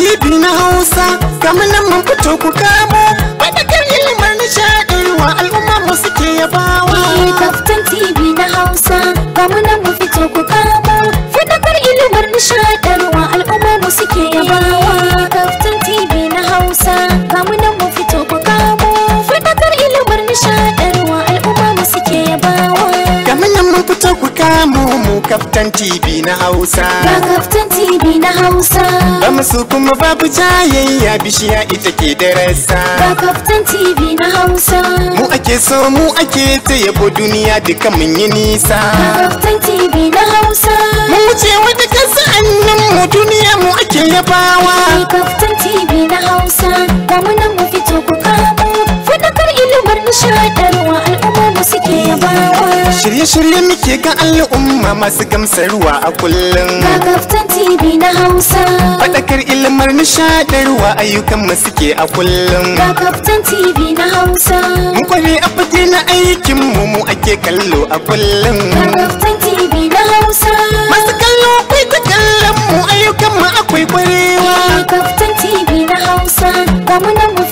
tv na hausa kamar nan mun fito ku kamo ilimar nishaɗarwa al'umma mu suke yabawa kaftan tv na hausa kamar nan mun fito ku kamo faɗakar ilimar al'umma mu suke kaftan tv na hausa kamar nan mun fito ku kamo faɗakar ilimar nishaɗarwa al'umma mu suke kamar nan mun fito ku kamo kaftan TV na Hausa. Ba kaftan TV na Hausa. Ba musu kuma babu jayayya bishiya ita ke darasa. Ba kaftan TV na Hausa. Mu ake so mu ake ta yabo duniya duka mun yi nisa. Ba kaftan TV na Hausa. Mu wuce wata kasa annan mu duniya mu ake yabawa. Ba kaftan TV na Hausa. Ba mu nan mu fito ku kamo. ilimar nishaɗarwa al'umma mu suke yabawa shirye-shirye muke ga al'umma masu gamsarwa a kullum ga kaftan tv na hausa faɗakar ilimar nishaɗarwa ayyukan mu suke a kullum ga kaftan tv na hausa mu kware a fage na aikin mu mu ake kallo a kullum ga kaftan tv na hausa masu kallo akwai ta kallon mu ayyukan mu akwai kwarewa ga kaftan tv na hausa ga mu nan mu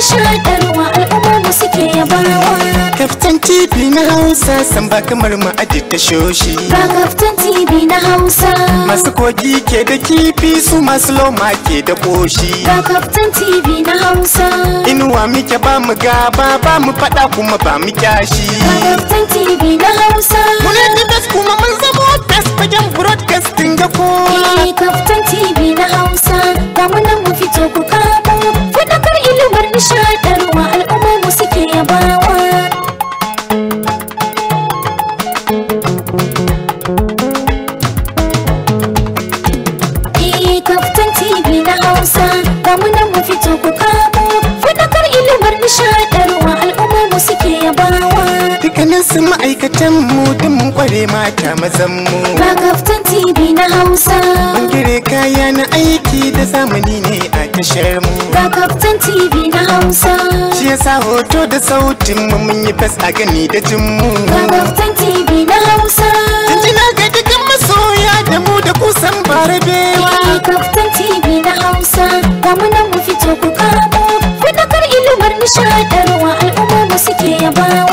nishaɗarwa al'umma mu suke yabawa kaftan tv na hausa san ba kamar mu aji ta shoshi ba kaftan tv na hausa masu kogi ke da kifi su masu loma ke da koshi ba kaftan tv na hausa inuwa muke ba mu gaba ba mu faɗa kuma ba mu kyashi ba kaftan tv na hausa muna da bas kuma mun zamo best fagen broadcasting ga kowa eh, kaftan tv na hausa ga mu nan mu fito ku kaba nishaɗarwa al'umma mu suke yabawa Kaftan TV na Hausa, ga mu nan mu fito ku kamo, fadakar ilimar nishaɗarwa al'umma mu suke yabawa. su ma'aikatan mu duk mun kware mata mazan mu ba kaftan tv na hausa bangare kaya na aiki da zamani ne a tashar mu ba kaftan tv na hausa shi yasa hoto da sautin mu mun yi fes a gani da jin mu ba kaftan tv na hausa na ga dukkan masoya da mu da kusan barabewa ba kaftan tv na hausa ga mu nan mu fito ku karabo fadakar ilimar nishadarwa al'umma mu suke yabawa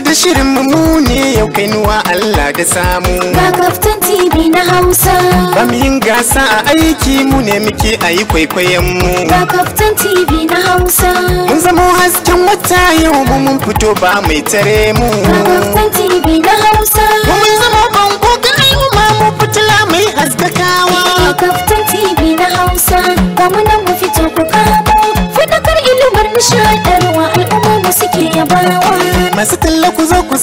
da shirin mu ne yau kai nuwa Allah da samu ga kaftan TV na Hausa ba mu yin gasa a aiki mu ne muke ayi kwaikwayon mu ga kaftan TV na Hausa mun zamo hasken wata yau mu mun fito ba mai tare mu ga kaftan TV na Hausa mun zamo bango ga ma mu fitila mai haskakawa ga kaftan TV na Hausa ba mu nan mu fito ku kamo fadakar ilimin nishadarwa al'umma mu suke yabawa masu talla zo ku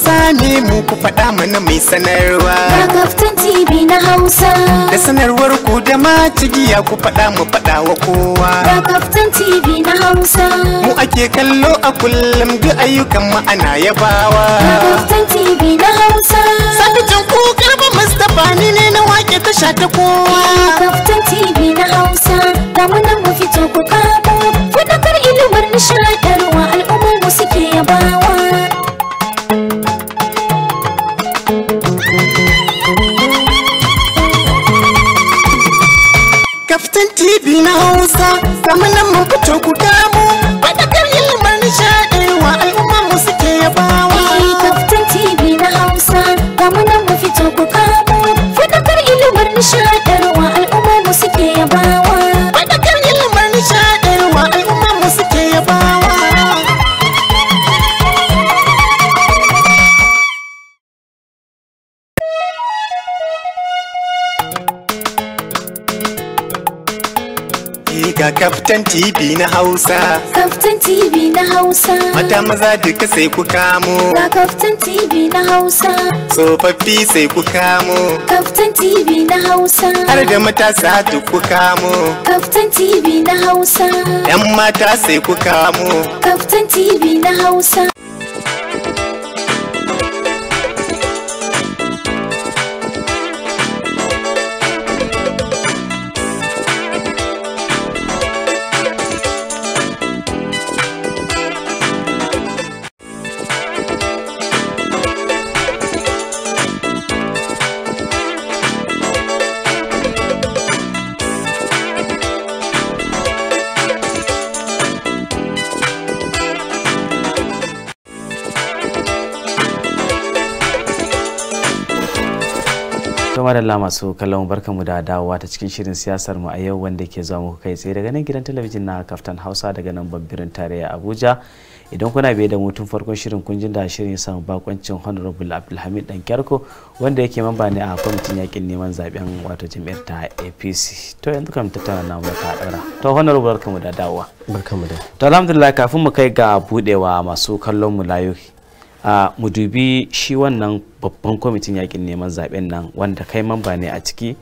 mu ku faɗa mana mai sanarwa ga kaftan tv na hausa da sanarwar ku da ma cigiya ku faɗa mu faɗa wa kowa ga kaftan tv na hausa mu ake kallo a kullum duk ayyukan mu ana yabawa ga kaftan tv na hausa sabijin ku garba mustapha ni ne na wake tasha ta kowa kaftan tv na hausa ga mu nan mu fito ku kamo fadakar ilimin nishadarwa yabawa Kaftan TV na Hausa, kamar nan mu fito ku damu, faɗakar ilmar nishaɗi wa al'umma mu suke yabawa. Kaftan eh, TV na Hausa, kamar nan mu fito ku damu, faɗakar ilmar nishaɗi wa al'umma mu suke yabawa. Captain TV na Hausa. Kaftan TV na Hausa. Mata maza duka sai ku kamo. Na Kaftan TV na Hausa. Tsofaffi sai ku kamo. Kaftan TV na Hausa. Har da matasa duk ku kamo. Kaftan TV na Hausa. Yan mata sai ku kamo. Kaftan TV na Hausa. madalla masu kallon barkanmu da dawowa ta cikin shirin siyasar mu a yau wanda ke zuwa muku kai tsaye daga nan gidan talabijin na kaftan hausa daga nan babbirin tarayya abuja idan kuna biye da mutum farkon shirin kun jin da shirin samu bakoncin honorable abdulhamid dan kyarko wanda yake mamba ne a kwamitin yakin neman zaben wato jami'ar ta apc to yanzu kam tattara na mu ta daura to honorable barkanmu da dawowa barkanmu da to alhamdulillah kafin mu kai ga budewa masu kallon mu layoki mu dubi shi wannan babban kwamitin yakin neman zaben nan wanda kai mamba ne a ciki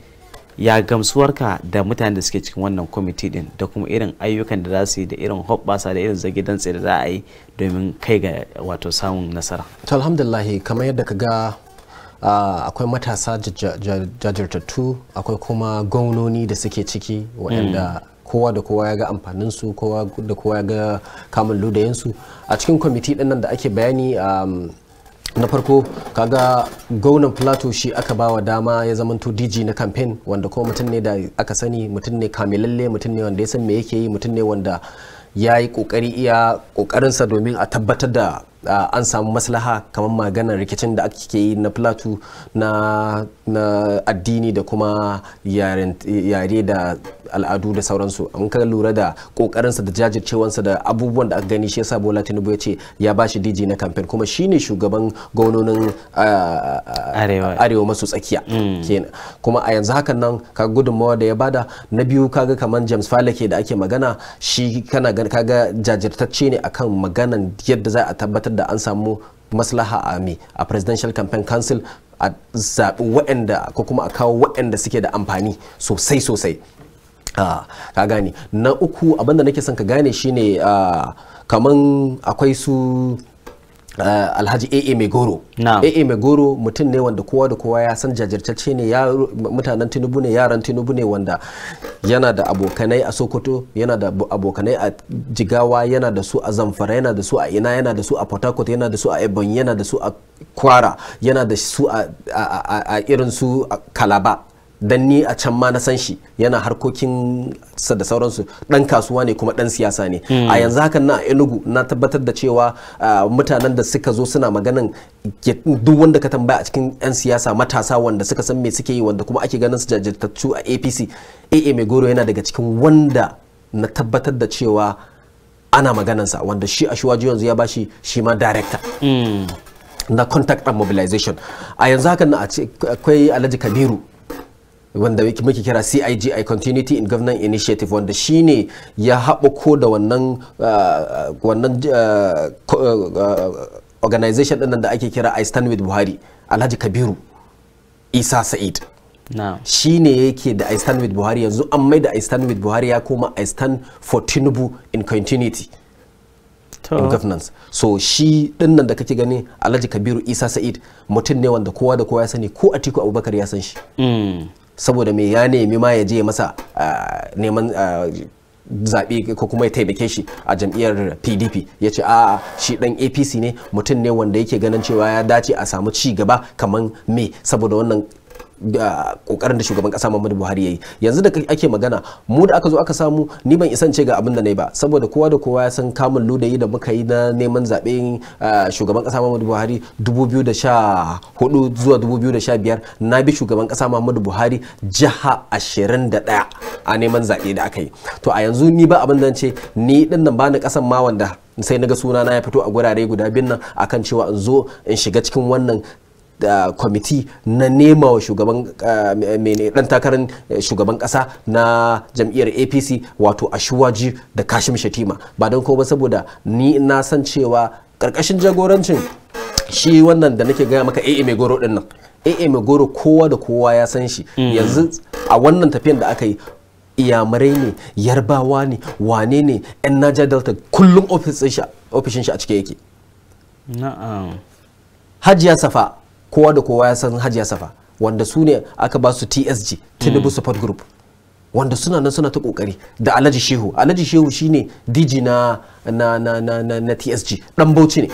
ya gamsuwarka da mutanen da suke cikin wannan kwamiti din da kuma irin ayyukan da za su yi da irin hoɓɓasa da irin zage dantse da za a yi domin kai ga wato samun nasara to alhamdulahi kamar yadda ka ga akwai matasa jajirtattu akwai kuma gwamnoni da suke ciki waɗanda mm. kowa da kowa ya ga amfanin su kowa da kowa ya ga kamun ludayen su a cikin kwamiti din nan da ake bayani um, na farko kaga gwamnan plateau shi aka bawa dama ya zamanto dg na campaign wanda kuma mutum ne da aka sani mutum ne kamilalle mutum ne wanda ya san me yake yi mutum ne wanda ya yi kokari iya kokarinsa domin a tabbatar da Ah, an samu maslaha kamar maganar rikicin da ake yi na plateau na na addini da kuma yare da al'adu da sauransu an ka lura da kokarinsa da jajircewansa da abubuwan da aka gani shi yasa bola tinubu ya ce ya ba shi dj na kamfen kuma shine shugaban gwamnonin ah, arewa maso tsakiya mm. kenan kuma a yanzu hakan nan ka gudunmawa da ya bada na biyu kaga kamar james falake da ake magana shi kana ga jajirtacce ne akan maganan yadda za a tabbatar da an samu maslaha a mi a presidential campaign council a zaɓi waɗanda ko kuma a kawo waɗanda suke da amfani sosai sosai ah, ka gane na uku abinda nake son ka gane shine ah, kaman akwai su Uh, alhaji aa mai aa mai goro mutum ne wanda kowa da kowa ya san jajirtacce ne mutanen tinubu ne yaran tinubu ne wanda yana da abokanai a sokoto yana da abokanai a jigawa yana da su a zamfara yana da su a ina yana da su a port yana da su a ebonyi yana da su a kwara yana da su a irin su kalaba dan ni a can ma na san shi yana harkokin sa da sauransu dan kasuwa ne kuma dan siyasa ne hmm. a yanzu hakan na Enugu na tabbatar da cewa mutanen da suka zo suna maganan duk wanda ka tambaya a cikin yan siyasa matasa wanda suka san me suke yi wanda kuma ake ganin su jajirtattu a APC AA mai goro yana daga cikin wanda na tabbatar da cewa ana maganan sa wanda shi a shiwaji yanzu ya bashi shi ma director hmm. na contact and mobilization a yanzu hakan akwai alhaji kabiru wanda muke kira CIGI Continuity in Governance Initiative wanda shine ya haɓako da wannan uh, uh, wannan uh, organization ɗin da ake kira I Stand With Buhari Alhaji Kabiru Isa Sa'id Na. shi ne yake da I stand with Buhari yanzu an mai da I stand with Buhari ya koma I stand for Tinubu in continuity in governance so shi dinnan da kake gani Alhaji Kabiru Isa Sa'id mutum ne wanda kowa da kowa ya sani ko Atiku Abubakar ya san shi mm. saboda me ya nemi ma ya je masa ah, neman ah, zaɓe ko kuma ya taimake shi a jam'iyyar pdp ya ce a shi ɗan apc ne mutum ne wanda yake ganin cewa ya dace a samu ci gaba kamar me saboda wannan kokarin da shugaban kasa Muhammadu Buhari yayi yanzu da ake magana mu da aka zo aka samu ni ban isance ga abin da nayi ba saboda kowa da kowa ya san kamun ludayi da muka yi na neman zaben shugaban kasa Muhammadu Buhari 2014 zuwa 2015 na bi shugaban kasa Muhammadu Buhari jiha 21 a neman zabe da aka yi to a yanzu ni ba abin da ce ni din nan ba ni kasan ma wanda sai na ga suna na ya fito a gurare guda biyun nan akan cewa in zo in shiga cikin wannan da kwamiti na nema wa shugaban eh, mai dan takarar eh, shugaban kasa na jam'iyyar apc wato ashuwaji da kashim shatima ba don ba saboda ni na san cewa karkashin jagorancin shi wannan da nake gaya maka AA mai goro dinnan AA mai goro kowa da kowa ya san shi mm. yanzu a wannan tafiyar da aka yi iyamurai ne yarbawa ne wane ne yan naja delta kullum ofishin shi a cikin yake hajiya safa kowa da kowa ya san hajiya safa wanda su ne aka ba su tsg tinubu mm. support group wanda suna nan suna ta kokari da alhaji shehu alhaji shehu shine dj na na na na na, na tsg dan bauchi ne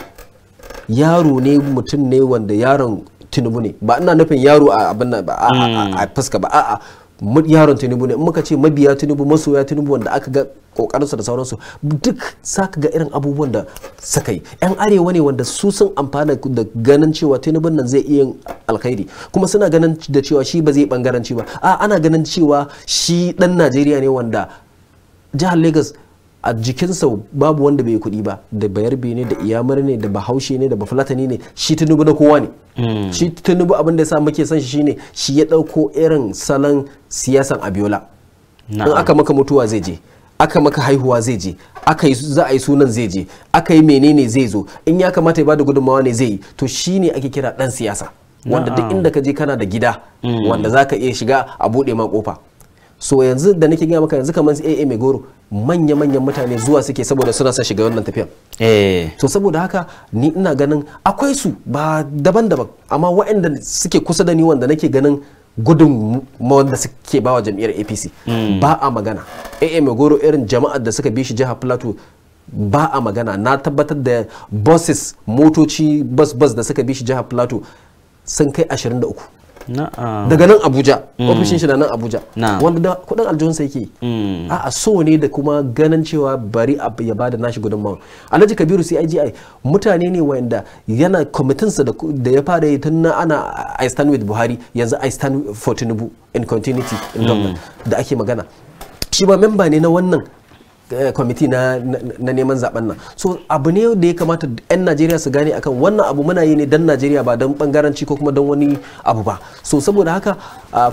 yaro ne mutum ne wanda yaron tinubu ne ba ina nufin yaro a abin ba a a mm. fuska ba a a. yaron tinubu ne muka ce mabiya tinubu masoya tinubu wanda aka ga sa da sauransu duk saka ga irin abubuwan da sakai yi yan arewa ne wanda su sun amfana da ganin cewa tinubu nan zai iya alkhairi kuma suna ganin da cewa shi ba zai bangaranci ba a ana ganin cewa shi dan najeriya ne wanda jihar lagos a jikinsa babu wanda bai yi kuɗi ba da bayarbe ne da iyamar ne da bahaushe ne da bafulatani ne shi tunubu na kowa ne hmm. shi tunubu abin da sa muke son shi shine shi ya ɗauko irin salon siyasan abiola in aka maka mutuwa zai je aka maka haihuwa zai je aka yi za a yi sunan zai je aka yi menene zai zo in ya kamata ya bada gudunmawa ne zai yi to shi ne ake kira ɗan siyasa wanda duk inda ka je kana da gida hmm. wanda za ka iya shiga a buɗe ma kofa so yanzu da nake gaya maka yanzu kamar AA mai goro manya manyan mutane zuwa suke saboda suna sa shiga wannan tafiya. eh so saboda haka ni ina ganin akwai su ba daban-daban amma waɗanda suke kusa da ni wanda nake ganin gudun wanda suke bawa jam'iyyar APC hmm. ba a magana AA mai goro irin jama'ar da suka bi shi jihar Plateau ba a magana na tabbatar da buses motoci bus bus da suka bi shi jihar Plateau sun kai 23 daga nan abuja mm. ofishin shi da nan abuja wanda da kudin aljihunsa yake mm. a so ne da kuma ganin cewa bari a ya bada nashi mawa alhaji kabiru cigi mutane ne wanda yana kwamitinsa da ya fara yi tun na ana i stand with buhari yanzu i stand for tinubu in continuity in mm. government da ake magana shi ba memba ne na wannan Eh, kwamiti na neman zaben nan so abu ne da ya kamata 'yan najeriya su gane akan wannan abu muna yi ne dan najeriya ba don bangaranci ko kuma don wani abu ba so saboda haka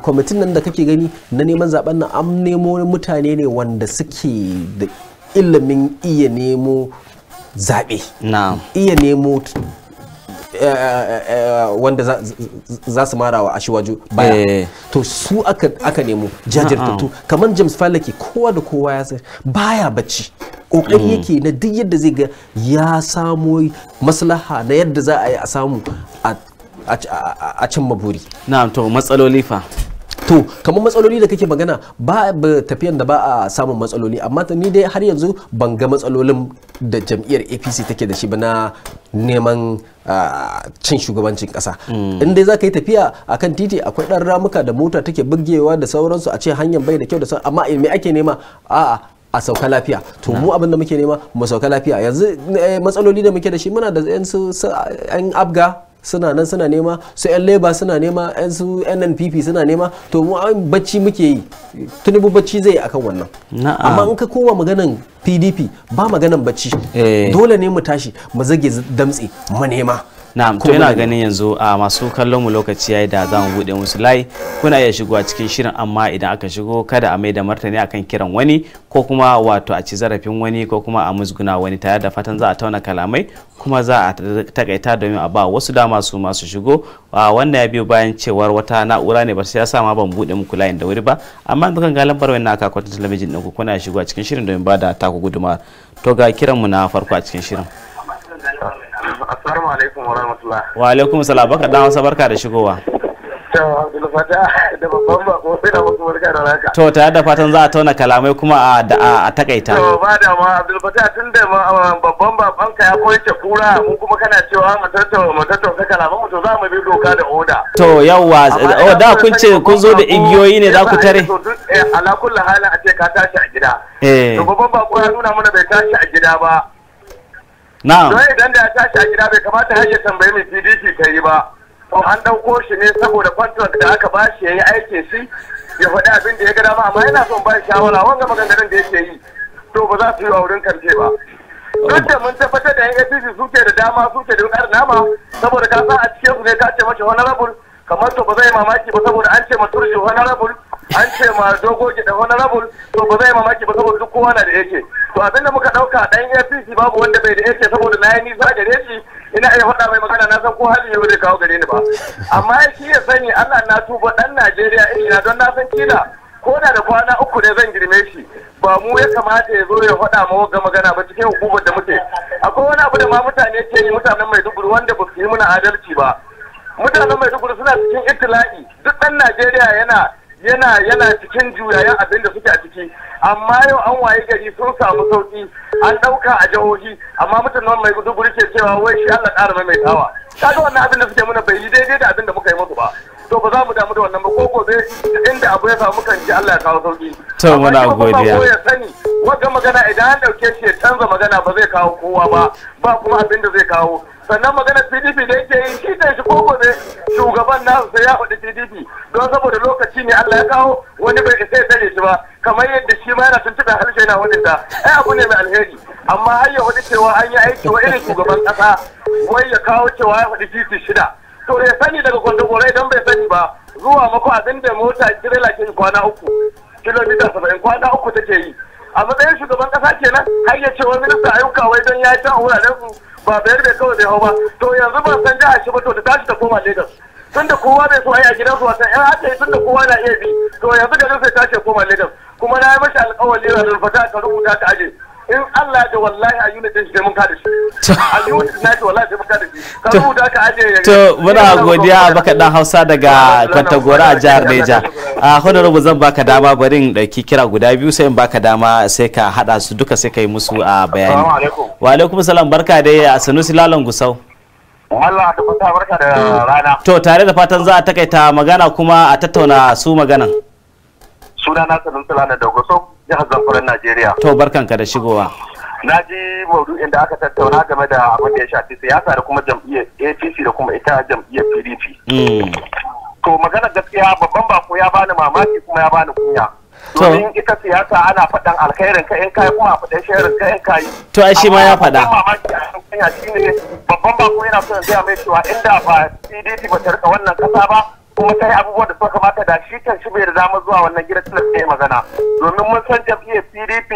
kwamitin nan da kake gani na neman zaben nan an nemo mutane ne wanda suke da ilimin iya nemo zaɓe iya nemo wanda za su mara wa ashiwaju baya eh. to su aka nemo jajirtattu ah, ah. kamar james falaki kowa da kowa ya baya bacci kokari mm. yake na duk yadda zai ga ya samu maslaha na yadda za a yi a samu a cin buri na to matsaloli fa to kamar matsaloli da kake magana ba tafiyan da ba a samun matsaloli amma ni dai har yanzu ban ga matsalolin da jam'iyyar apc take da shi ba na neman cin shugabancin kasa hmm. in dai za ka yi tafiya a kan titi akwai ɗan ramuka da mota take bugewa da sauransu a ce hanyar bai da kyau da sauransu amma eh, me ake nema a a sauka lafiya to mu hmm. abin da muke nema mu sauka lafiya yanzu eh, matsaloli da muke da shi muna da yan abga suna nan suna nema su yan leba suna nema yan su nnpp suna nema to mu bacci muke yi tunubu bacci zai yi akan wannan amma in ka koma maganan pdp ba maganan bacci eh. dole ne mu tashi mu zage damtse mu nema na'am to yana ganin yanzu a ah, masu kallon mu lokaci yayi da zamu bude musu layi kuna iya shigo a cikin shirin amma idan aka shigo kada a mai da martani akan kiran wani ko kuma wato a ci zarafin wani ko kuma a musguna wani tare da fatan za a tauna kalamai kuma za a takaita domin a ba wasu dama su masu shigo a ah, wannan ya biyo bayan cewar wata na'ura ne ba sai ya sa ma ban bude muku layin da wuri ba amma dukan galan barwai na aka kwatan talabijin ku kuna shigowa cikin shirin domin ba da taku guduma to ga kiran mu na farko a cikin shirin Assalamu alaikum wa rahmatullah. Wa alaikum salam baka dan wasa barka da shigowa. To ta da fatan za a tauna kalamai kuma a takaita. To ba da ma Abdul Fatah tun da babban babanka ya koyace kura mu kuma kana cewa mu tattauna mu tattauna kalaman mu to za mu bi doka da oda. To yawwa o oh, da kun ce kun zo da igiyoyi ne za ku tare. Eh, ala kullu halin a ce ka tashi a gida. Eh. To babban bako ya nuna mana bai tashi a gida ba. na'am don idan da ya tashi a gida bai kamata har tambaye tambayi mai PDP ta yi ba to an ɗauko shi ne saboda contract da aka ba shi ya yi aikin shi ya faɗi abin da ya ga dama amma yana son ba shawara wanga maganganun da yake yi to ba za su yi a wurin kamfe ba don mun tabbatar da yan APC suke da dama suke da wukar nama saboda ka san a cikin su ne ka ce mashi honorable kamar to ba zai mamaki ba saboda an ce maturshi honorable an ce ma dogoji ki da honorable to ba zai mamaki ba saboda duk kowa na da yake to abin da muka dauka dan APC babu wanda bai da yake saboda na yi nisa gare shi ina iya faɗa mai magana na san ko hali ne wuce kawo gare ni ba amma shi ya sani Allah na tuba dan Najeriya ina don na san kila ko da da kwana uku ne zan girme shi ba mu ya kamata ya zo ya faɗa ma wagga magana ba cikin hukumar da muke akwai wani abu da ma mutane ke yi mutanen mai Maiduguri wanda ba su yi muna adalci ba mutanen mai Maiduguri suna cikin itila'i duk ɗan Najeriya yana yana yana cikin juyayen abin da suke a ciki amma yau an waye gari sun samu sauki an ɗauka a jihohi amma mutanen mai guduguri ke cewa wai shi Allah ƙara mai tawa kaga wannan abin da suke muna bai yi daidai da abin da muka yi musu ba to ba za mu damu da wannan ba ko gobe inda abu ya samu kan ji Allah ya kawo sauki to muna godiya ya sani wanda magana idan an dauke shi ya canza magana ba zai kawo kowa ba ba kuma abin da zai kawo sannan magana pdp da yake yi shi ne shi ko ne shugaban na sai ya faɗi pdp don saboda lokaci ne allah ya kawo wani bai isa ya tare shi ba kamar yadda shi ma yana tuntuɓe harshe na wani da ai abu ne mai alheri amma har ya faɗi cewa an yi aiki wa irin shugaban ƙasa wai ya kawo cewa ya faɗi pdp shida to ya sani daga kwandagora don bai sani ba zuwa mako abin da mota tirela ke kwana uku kilomita saba'in kwana uku take yi a matsayin shugaban ƙasa kenan har ya ce wa minista ayyuka wai don ya yi a wuraren su ba bayar da kawai bai hau ba to yanzu ban san jihar shi ba to ta tashi ta koma Lagos tunda kowa bai so a yi a gidansu wasan yan haka da kowa na iya bi to yanzu da sai tashi ya koma Lagos kuma na yi mashi alƙawari ranar fata ka rubuta ta aje in Allah da wallahi a unit din mun kada shi a unit na shi wallahi sai mun kada shi ka da ka aje to muna godiya baka dan Hausa daga Kwantagora a jihar Neja a honorable zan baka dama bari in dauki kira guda biyu sai in baka dama sai ka hada su duka sai kai musu a bayani wa alaikum salam barka dai a Sanusi Lalon Gusau Allah ta fata barka da rana to tare da fatan za a takaita magana kuma a tattauna su magana sunana Sanusi Lalon Gusau jihar Zamfara Najeriya. To ka da shigowa. Na ji maudu'in da aka tattauna game da abin da ya shafi siyasa da kuma jam'iyyar APC da kuma ita jam'iyyar PDP. Hmm. To magana gaskiya babban bako ya bani mamaki kuma ya bani kunya. domin ita siyasa ana faɗan alkhairin ka in kai kuma faɗan sharin ka in kai to ai shi ma ya faɗa babban bako yana son zai mai cewa inda ba PDP ba ta rika wannan kasa ba kuma ta yi abubuwan da suka kamata da shi kan shi bai da dama zuwa wannan gidan tilas ne magana domin mun san jam'iyyar pdp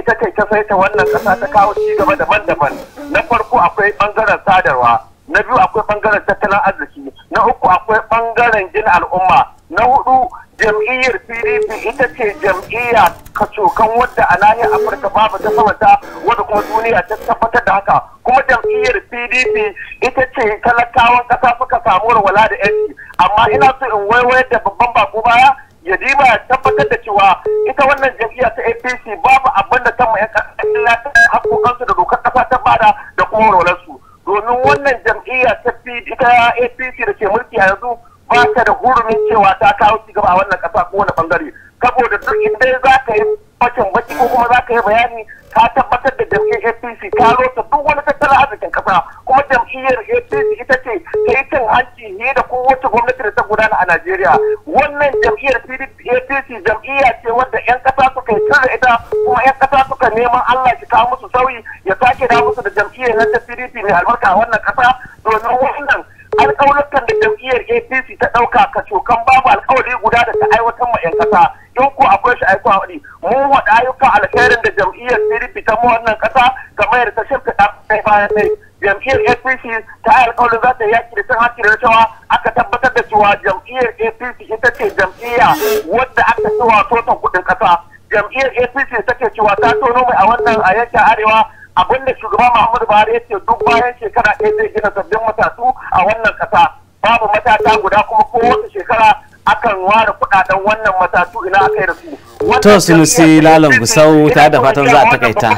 ita ce ta saita wannan kasa ta kawo ci gaba daban-daban na farko akwai bangaren sadarwa na biyu akwai bangaren tattalin arziki na uku akwai bangaren gina al'umma na hudu jam'iyyar pdp ita ce jam'iyya kacokan wadda a nahiyar afirka babu ta samanta wadda kuma duniya ta tabbatar da haka kuma jam'iyyar pdp ita ce talakawan kasa suka samu walwala da yanci amma ina so in waiwayar da babban bako baya ya dima ya tabbatar da cewa ita wannan jam'iyya ta APC babu abin da ta mu yan ƙasa hakokansu da dokar kasa ta bada da kuma su domin wannan jam'iyya ta ita APC da ke mulki a yanzu ba ta da hurumin cewa ta kawo ci gaba a wannan kasa ko wani bangare saboda duk inda za ka yi bacin baki ko kuma za ka yi bayani ka tabbatar da jam'iyyar APC ka rota duk wani tattalin arzikin kasa kuma jam'iyyar APC ita ce ta yi cin hanci ne da kowace gwamnati da ta gudana a Najeriya wannan jam'iyyar APC jam'iyya ce wadda 'yan kasa suka yi da ita kuma 'yan kasa suka neman Allah shi kawo musu sauyi ya sake da musu da jam'iyyar na ta PDP mai albarka a wannan kasa domin wannan alƙawarkan da jam'iyyar apc ta ɗauka ka cokan babu alƙawari guda da ta aiwatar ma 'yan ƙasa Don ko akwai shi aiko a wani mun waɗa ayyukan alkhairin da jam'iyyar pdp ta mu wannan ƙasa ga mayar ta shirka ɗan bayan ne jam'iyyar apc ta yi alƙawarin za ta yaƙi da cin hanci da rashawa aka tabbatar da cewa jam'iyyar apc ita ce jam'iyya wadda aka ci wato ta kuɗin ƙasa jam'iyyar apc ta take cewa ta tono mai a wannan a yankin arewa abinda shugaba Muhammadu Buhari ya ce duk bayan shekara ɗaya zai gina sabbin matatu a wannan ƙasa babu matata guda kuma kowace shekara akan ware kuɗaɗen wannan matatu ina aka yi da su. To sunusi lalan gusau ta da fatan za a takaita.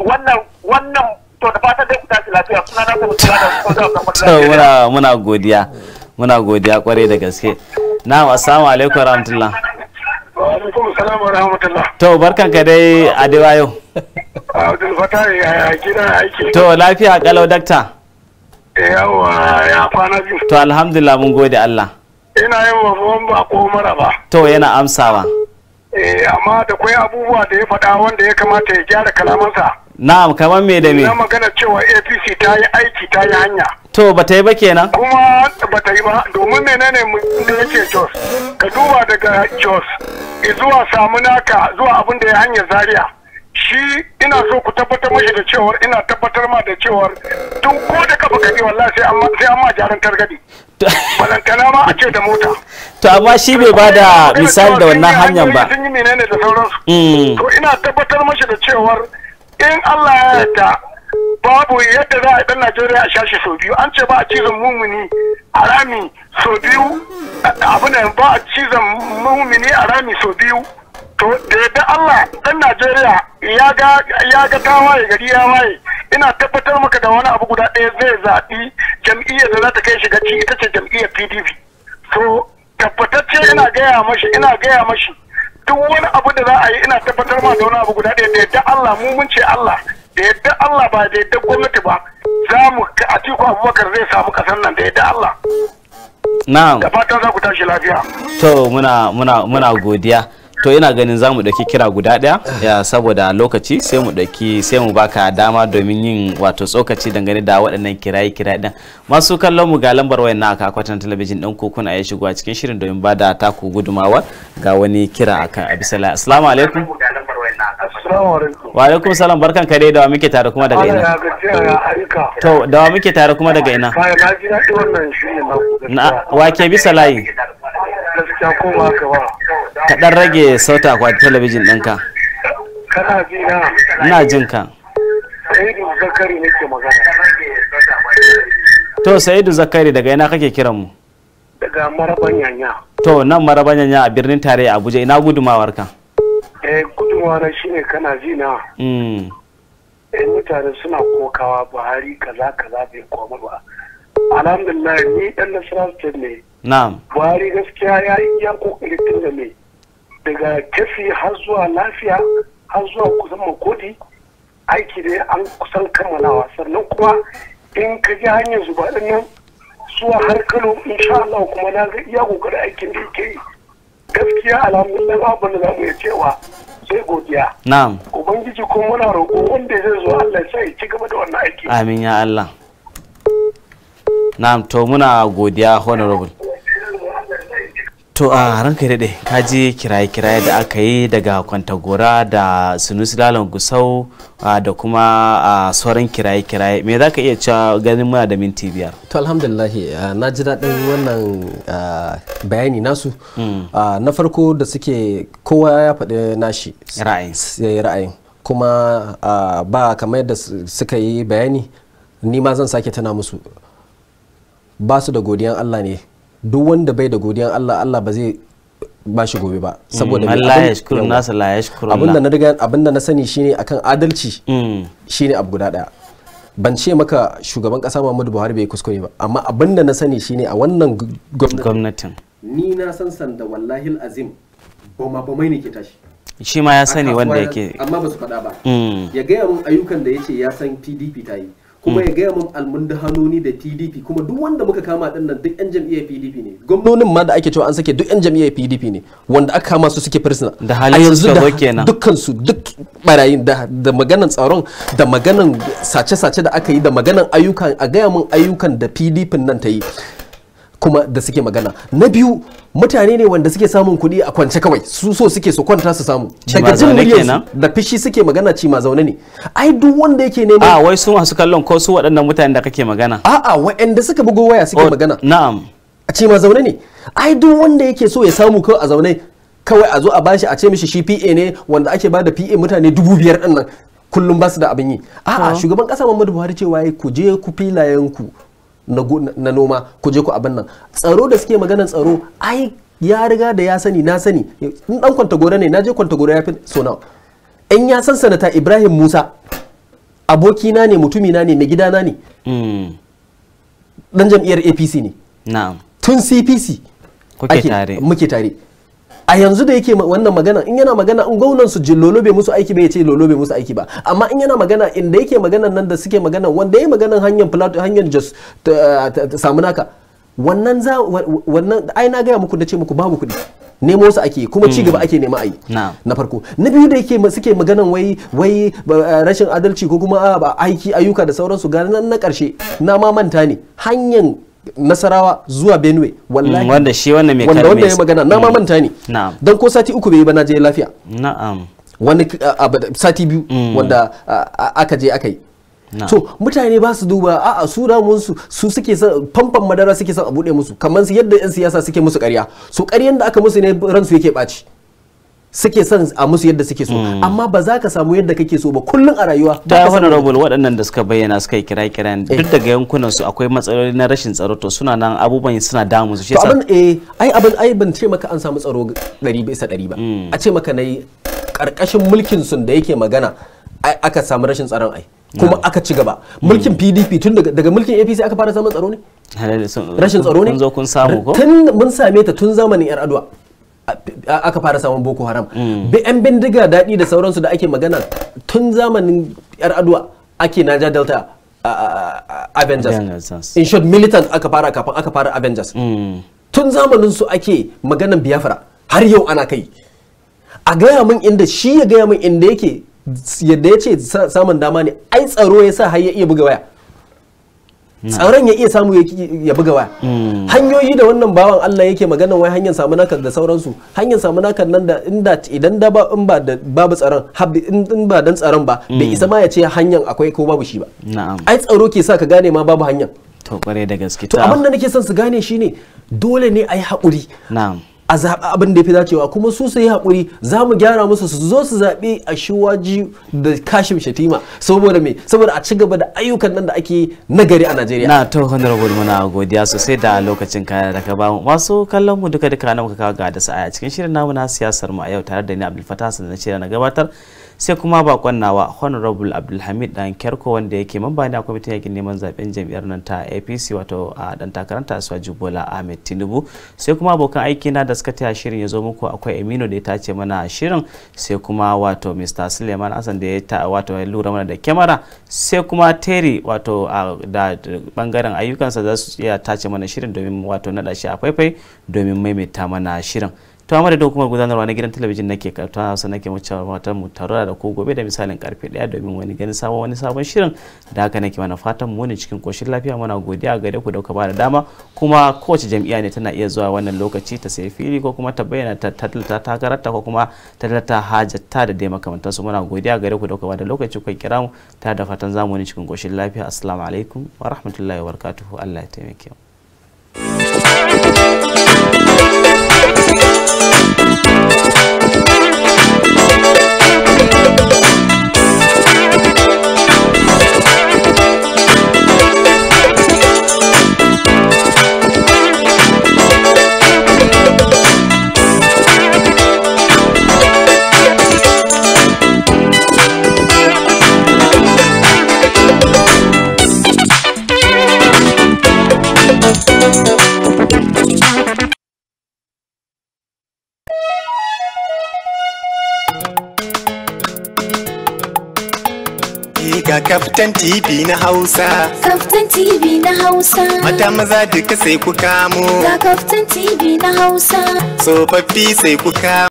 Wannan wannan to da fatan dai ku tashi lafiya suna na suna da [laughs] To muna muna godiya muna godiya kwarai da gaske. Na assalamu alaikum warahmatullahi. Wa alaikum salam wa rahmatullah. To barkan ka dai Adebayo. Abdul Fatah ya gidan aiki. To lafiya kalau dakta. Eh, Yawa ya kwana biyu. To alhamdulillah mun gode Allah. Ina yin babban bako ba. To yana amsawa. Eh amma da kwai abubuwa da ya faɗa wanda ya kamata ya gyara kalamansa. Na'am kamar me da me? Na magana cewa APC ta yi aiki ta yi hanya. to ba ta yi ba kenan kuma ba ta yi ba domin menene mutum da yake jos ka duba daga jos zuwa samu naka zuwa abin da ya hanyar zaria shi ina so ku tabbatar mashi da cewar ina tabbatar ma da cewar tun ko da kafa kaji wallah sai amma sai amma jaran targadi balantana ma a ce da mota to amma shi bai ba da misali da wannan hanyar ba sun yi menene da sauransu mm. to ina tabbatar mashi da cewar in Allah ya yarda babu yadda za a dan Najeriya a shashi sau biyu an ce ba a cizon mumuni a rami sau biyu abin ba a cizon mumuni a rami sau biyu to da yadda Allah dan Najeriya ya ga ya tawaye gari ya waye ina tabbatar maka da wani abu guda ɗaya zai zaɓi jam'iyyar da za ta kai shiga ci ita ce jam'iyyar PDP to tabbatacce ina gaya mashi ina gaya mashi duk wani abu da za a yi ina tabbatar ma da wani abu guda ɗaya da yadda Allah mu mun ce Allah da yadda Allah ba da yadda gwamnati ba za mu a tiku abubakar zai samu kasar nan da yadda Allah na'am da fatan za ku tashi lafiya to muna godiya to ina ganin za mu ɗauki kira guda ɗaya saboda lokaci sai mu ɗauki sai mu baka dama domin yin wato tsokaci dangane da waɗannan kiraye kiraye ɗin masu kallon mu ga lambar wayan na akwatin talabijin ɗin ko kuna iya shigowa cikin shirin domin ba da taku gudumawa ga wani kira akan abisala assalamu alaikum Wa alaikum salam barkan ka dai da muke tare kuma daga ina. To da muke tare kuma daga ina. Na wa ke bisa layi. Ka dan rage sauta kwa talabijin ɗinka. Kana ji na. Ina jin ka. Sa'idu Zakari nake magana. To Sa'idu Zakari daga ina kake kiran mu? Daga Maraban Yanya. To nan Maraban Yanya a birnin tare Abuja ina gudumawar ka? eh gudunmawa na shine kana ji na hmm. eh mutane suna kokawa buhari kaza kaza bai koma ba alhamdulillah ni dan nasara ce ne na'am buhari gaskiya ya yi ya kokari tun da me daga kafi har zuwa lafiya har zuwa kusan makodi aiki dai an kusan kammalawa sannan kuma in ka ji hanyar zuba nan zuwa har kano insha Allah kuma na ga iya kokari aikin da yake yi gaskiya alhamdulillah babu da zamu iya cewa sai godiya na'am ubangiji kuma muna roƙo wanda zai zo Allah sai ci gaba da wannan aiki amin ya Allah na'am to muna godiya honorable To a ranka daɗe, ka ji kiraye-kiraye da aka yi daga Kwantagora da Sunusi Lalon Gusau da kuma sauran kiraye-kiraye. Me za ka iya cewa ganin muna da minti biyar? To alhamdulillah na ji daɗin wannan bayani nasu. Hmm. Na farko da suke kowa ya faɗi nashi. Ra'ayin. Ra'ayin. Kuma ba kamar yadda suka yi bayani, ni ma zan sake tana musu. Ba su da godiyan Allah ne duk wanda bai da godiyan Allah Allah ba zai ba shi gobe ba saboda Allah ya abinda na riga abinda na sani shine akan adalci mm. shine abu guda daya ban ce maka shugaban kasa Muhammadu Buhari bai kuskure ba amma abinda na sani shine a wannan gwamnatin ni na san sanda wallahi azim boma bomai ne ke tashi shi ma ya sani wanda yake amma ba su faɗa ba mm. ya gaya mun ayyukan da yace ya san PDP ta yi kuma hmm. ya gaya mun almundahanoni da PDP kuma duk wanda muka kama din nan duk yan jam'iyyar PDP ne gwamnonin ma da ake cewa an sake duk yan jam'iyyar PDP ne wanda aka kama su suke prisoner da halin su da dukkan su duk barayin da da maganan tsaron da maganan sace-sace da aka yi da maganan ayyukan a gaya mun ayyukan da PDP nan ta yi kuma da suke magana na biyu mutane ne wanda suke samun kuɗi a kwance kawai su so suke su kwanta su samu daga jin muryarsu da fishi suke magana ci ma zaune ne ai duk wanda yake neman a ah, wai su masu kallon ko su waɗannan mutanen da kake magana a'a waɗanda suka bugo waya suke oh, magana na'am a ci ma zaune ne ai duk wanda yake so ya samu ko a zaune kawai a zo a bashi a ce mishi shi PA ne wanda ake ba da PA mutane dubu biyar ɗin nan kullum ba su da abin yi a'a oh. shugaban ƙasa Muhammadu Buhari cewa ku je ku filayen ku na noma ku je ku abin nan tsaro da suke maganar tsaro ai ya riga da ya sani na sani in dan kwanta gore ne na je kwanta gore ya fi so na in ya san sanata ibrahim musa abokina ne mutumina ne na ne dan hmm. jam'iyyar apc ne na'am. tun cpc ake tare muke tare a yanzu da yake wannan magana in yana magana in gwamnan su ji lolo bai musu aiki bai ce lolo bai musu aiki ba amma in yana magana inda yake magana nan da suke magana wanda yi magana hanyar plato hanyar jos samu naka wannan za wannan ai na gaya muku da ce muku babu kuɗi nemo su ake kuma ci gaba hmm. ake nema ayi na farko na biyu da yake suke maganan wai wai rashin adalci ko kuma aiki ayyuka da sauransu ga nan na karshe na ma manta ne hanyar nasarawa zuwa benue wallahi mm, wanda wanda wanda ya magana na mm. manta ne dan ko sati uku bai ba na je lafiya na'am wani sati biyu mm. wanda aka je aka yi so mutane ba su duba a'a sura mun su su suke son famfan madara suke son a bude musu kamar yadda yan siyasa suke musu ƙarya so ƙaryan da aka musu ne ransu yake baci suke son a musu yadda suke so hmm. amma ba za ka samu yadda kake so ba kullum a rayuwa ta wani honorable waɗannan da suka bayyana suka yi kira kiran eh. duk daga yankunan su akwai matsaloli na rashin tsaro to suna nan abubuwan suna damu su shi yasa abin eh ai abin ai ban ce maka an samu tsaro 100 bisa 100 ba hmm. a ce maka na yi karkashin mulkin sun da yake magana aka samu rashin tsaron ai kuma hmm. aka ci gaba mulkin PDP tun daga mulkin APC aka fara samun tsaro ne rashin tsaro ne kun zo kun samu ko tun mun same ta tun zamanin yar adwa aka fara samun boko haram mm. yan bindiga daɗi da sauransu da ake magana tun zamanin yar adwa ake naja delta avengers in short militant aka fara kafin aka fara avengers mm. tun zamanin su ake maganan biafra har yau ana kai a gaya min inda shi ya gaya min inda yake yadda ya ce samun dama ne ai tsaro ya sa har ya iya buga waya Mm. tsaron ya iya samu ya buga waya mm. hanyoyi da wannan bawan Allah yake magana wai hanyar samu nakar da sauransu hanyar samu naka nan da inda idan da ba in ba da babu tsaron in ba dan tsaron ba bai mm. isa ma ya ce hanyar akwai ko babu shi ba ai tsaro ke sa ka gane ma babu hanyar to kware da gaske to abin da nake son su gane shine dole ne ai haƙuri na'am a zaɓi abin da ya fi dacewa kuma su su yi haƙuri za mu gyara musu su zo su zaɓi a shiwaji da kashim shatima saboda me saboda a ci gaba da ayyukan nan da ake nagari a najeriya na to honorable muna godiya sosai da lokacin kayan da ka bamu masu kallon mu duka duka na muka kawo ga da sa'a cikin shirin namu na siyasar mu a yau tare da ni abdulfatah fatah na na gabatar sai kuma bakon nawa honorable abdulhamid dan kyarko wanda yake mamba ne a kwamitin yakin neman zaben jami'ar nan ta apc wato a dan takaranta asuwa bola ahmed tinubu sai kuma abokan aiki na da suka taya shirin ya zo muku akwai emino da ya tace mana shirin sai kuma wato mr suleiman hassan da ya ta wato ya lura mana da kyamara sai kuma terry wato da bangaren ayyukansa za su iya tace mana shirin domin wato naɗa shi a faifai domin maimaita mana shirin to amma da hukumar gudanarwa na gidan talabijin nake karta hausa nake mace matan mu tare da ko gobe da misalin karfe daya domin wani ganin sabon wani sabon shirin da haka nake mana fatan mu ne cikin koshin lafiya muna godiya gare ku da kuka ba da dama kuma kowace jami'a ne tana iya zuwa wannan lokaci ta sayi fili ko kuma ta bayyana ta ta takararta ko kuma ta tallata hajjata da dai makamantansu muna godiya gare ku da kuka ba da lokaci kuka kira mu tare da fatan zamu ne cikin koshin lafiya assalamu alaikum wa rahmatullahi wa barakatuhu Allah ya taimake mu ga kaftan TV na Hausa. Captain TV na Hausa. Mata maza duka sai ku kamo. Ga kaftan TV na Hausa. Tsofaffi sai ku kamo.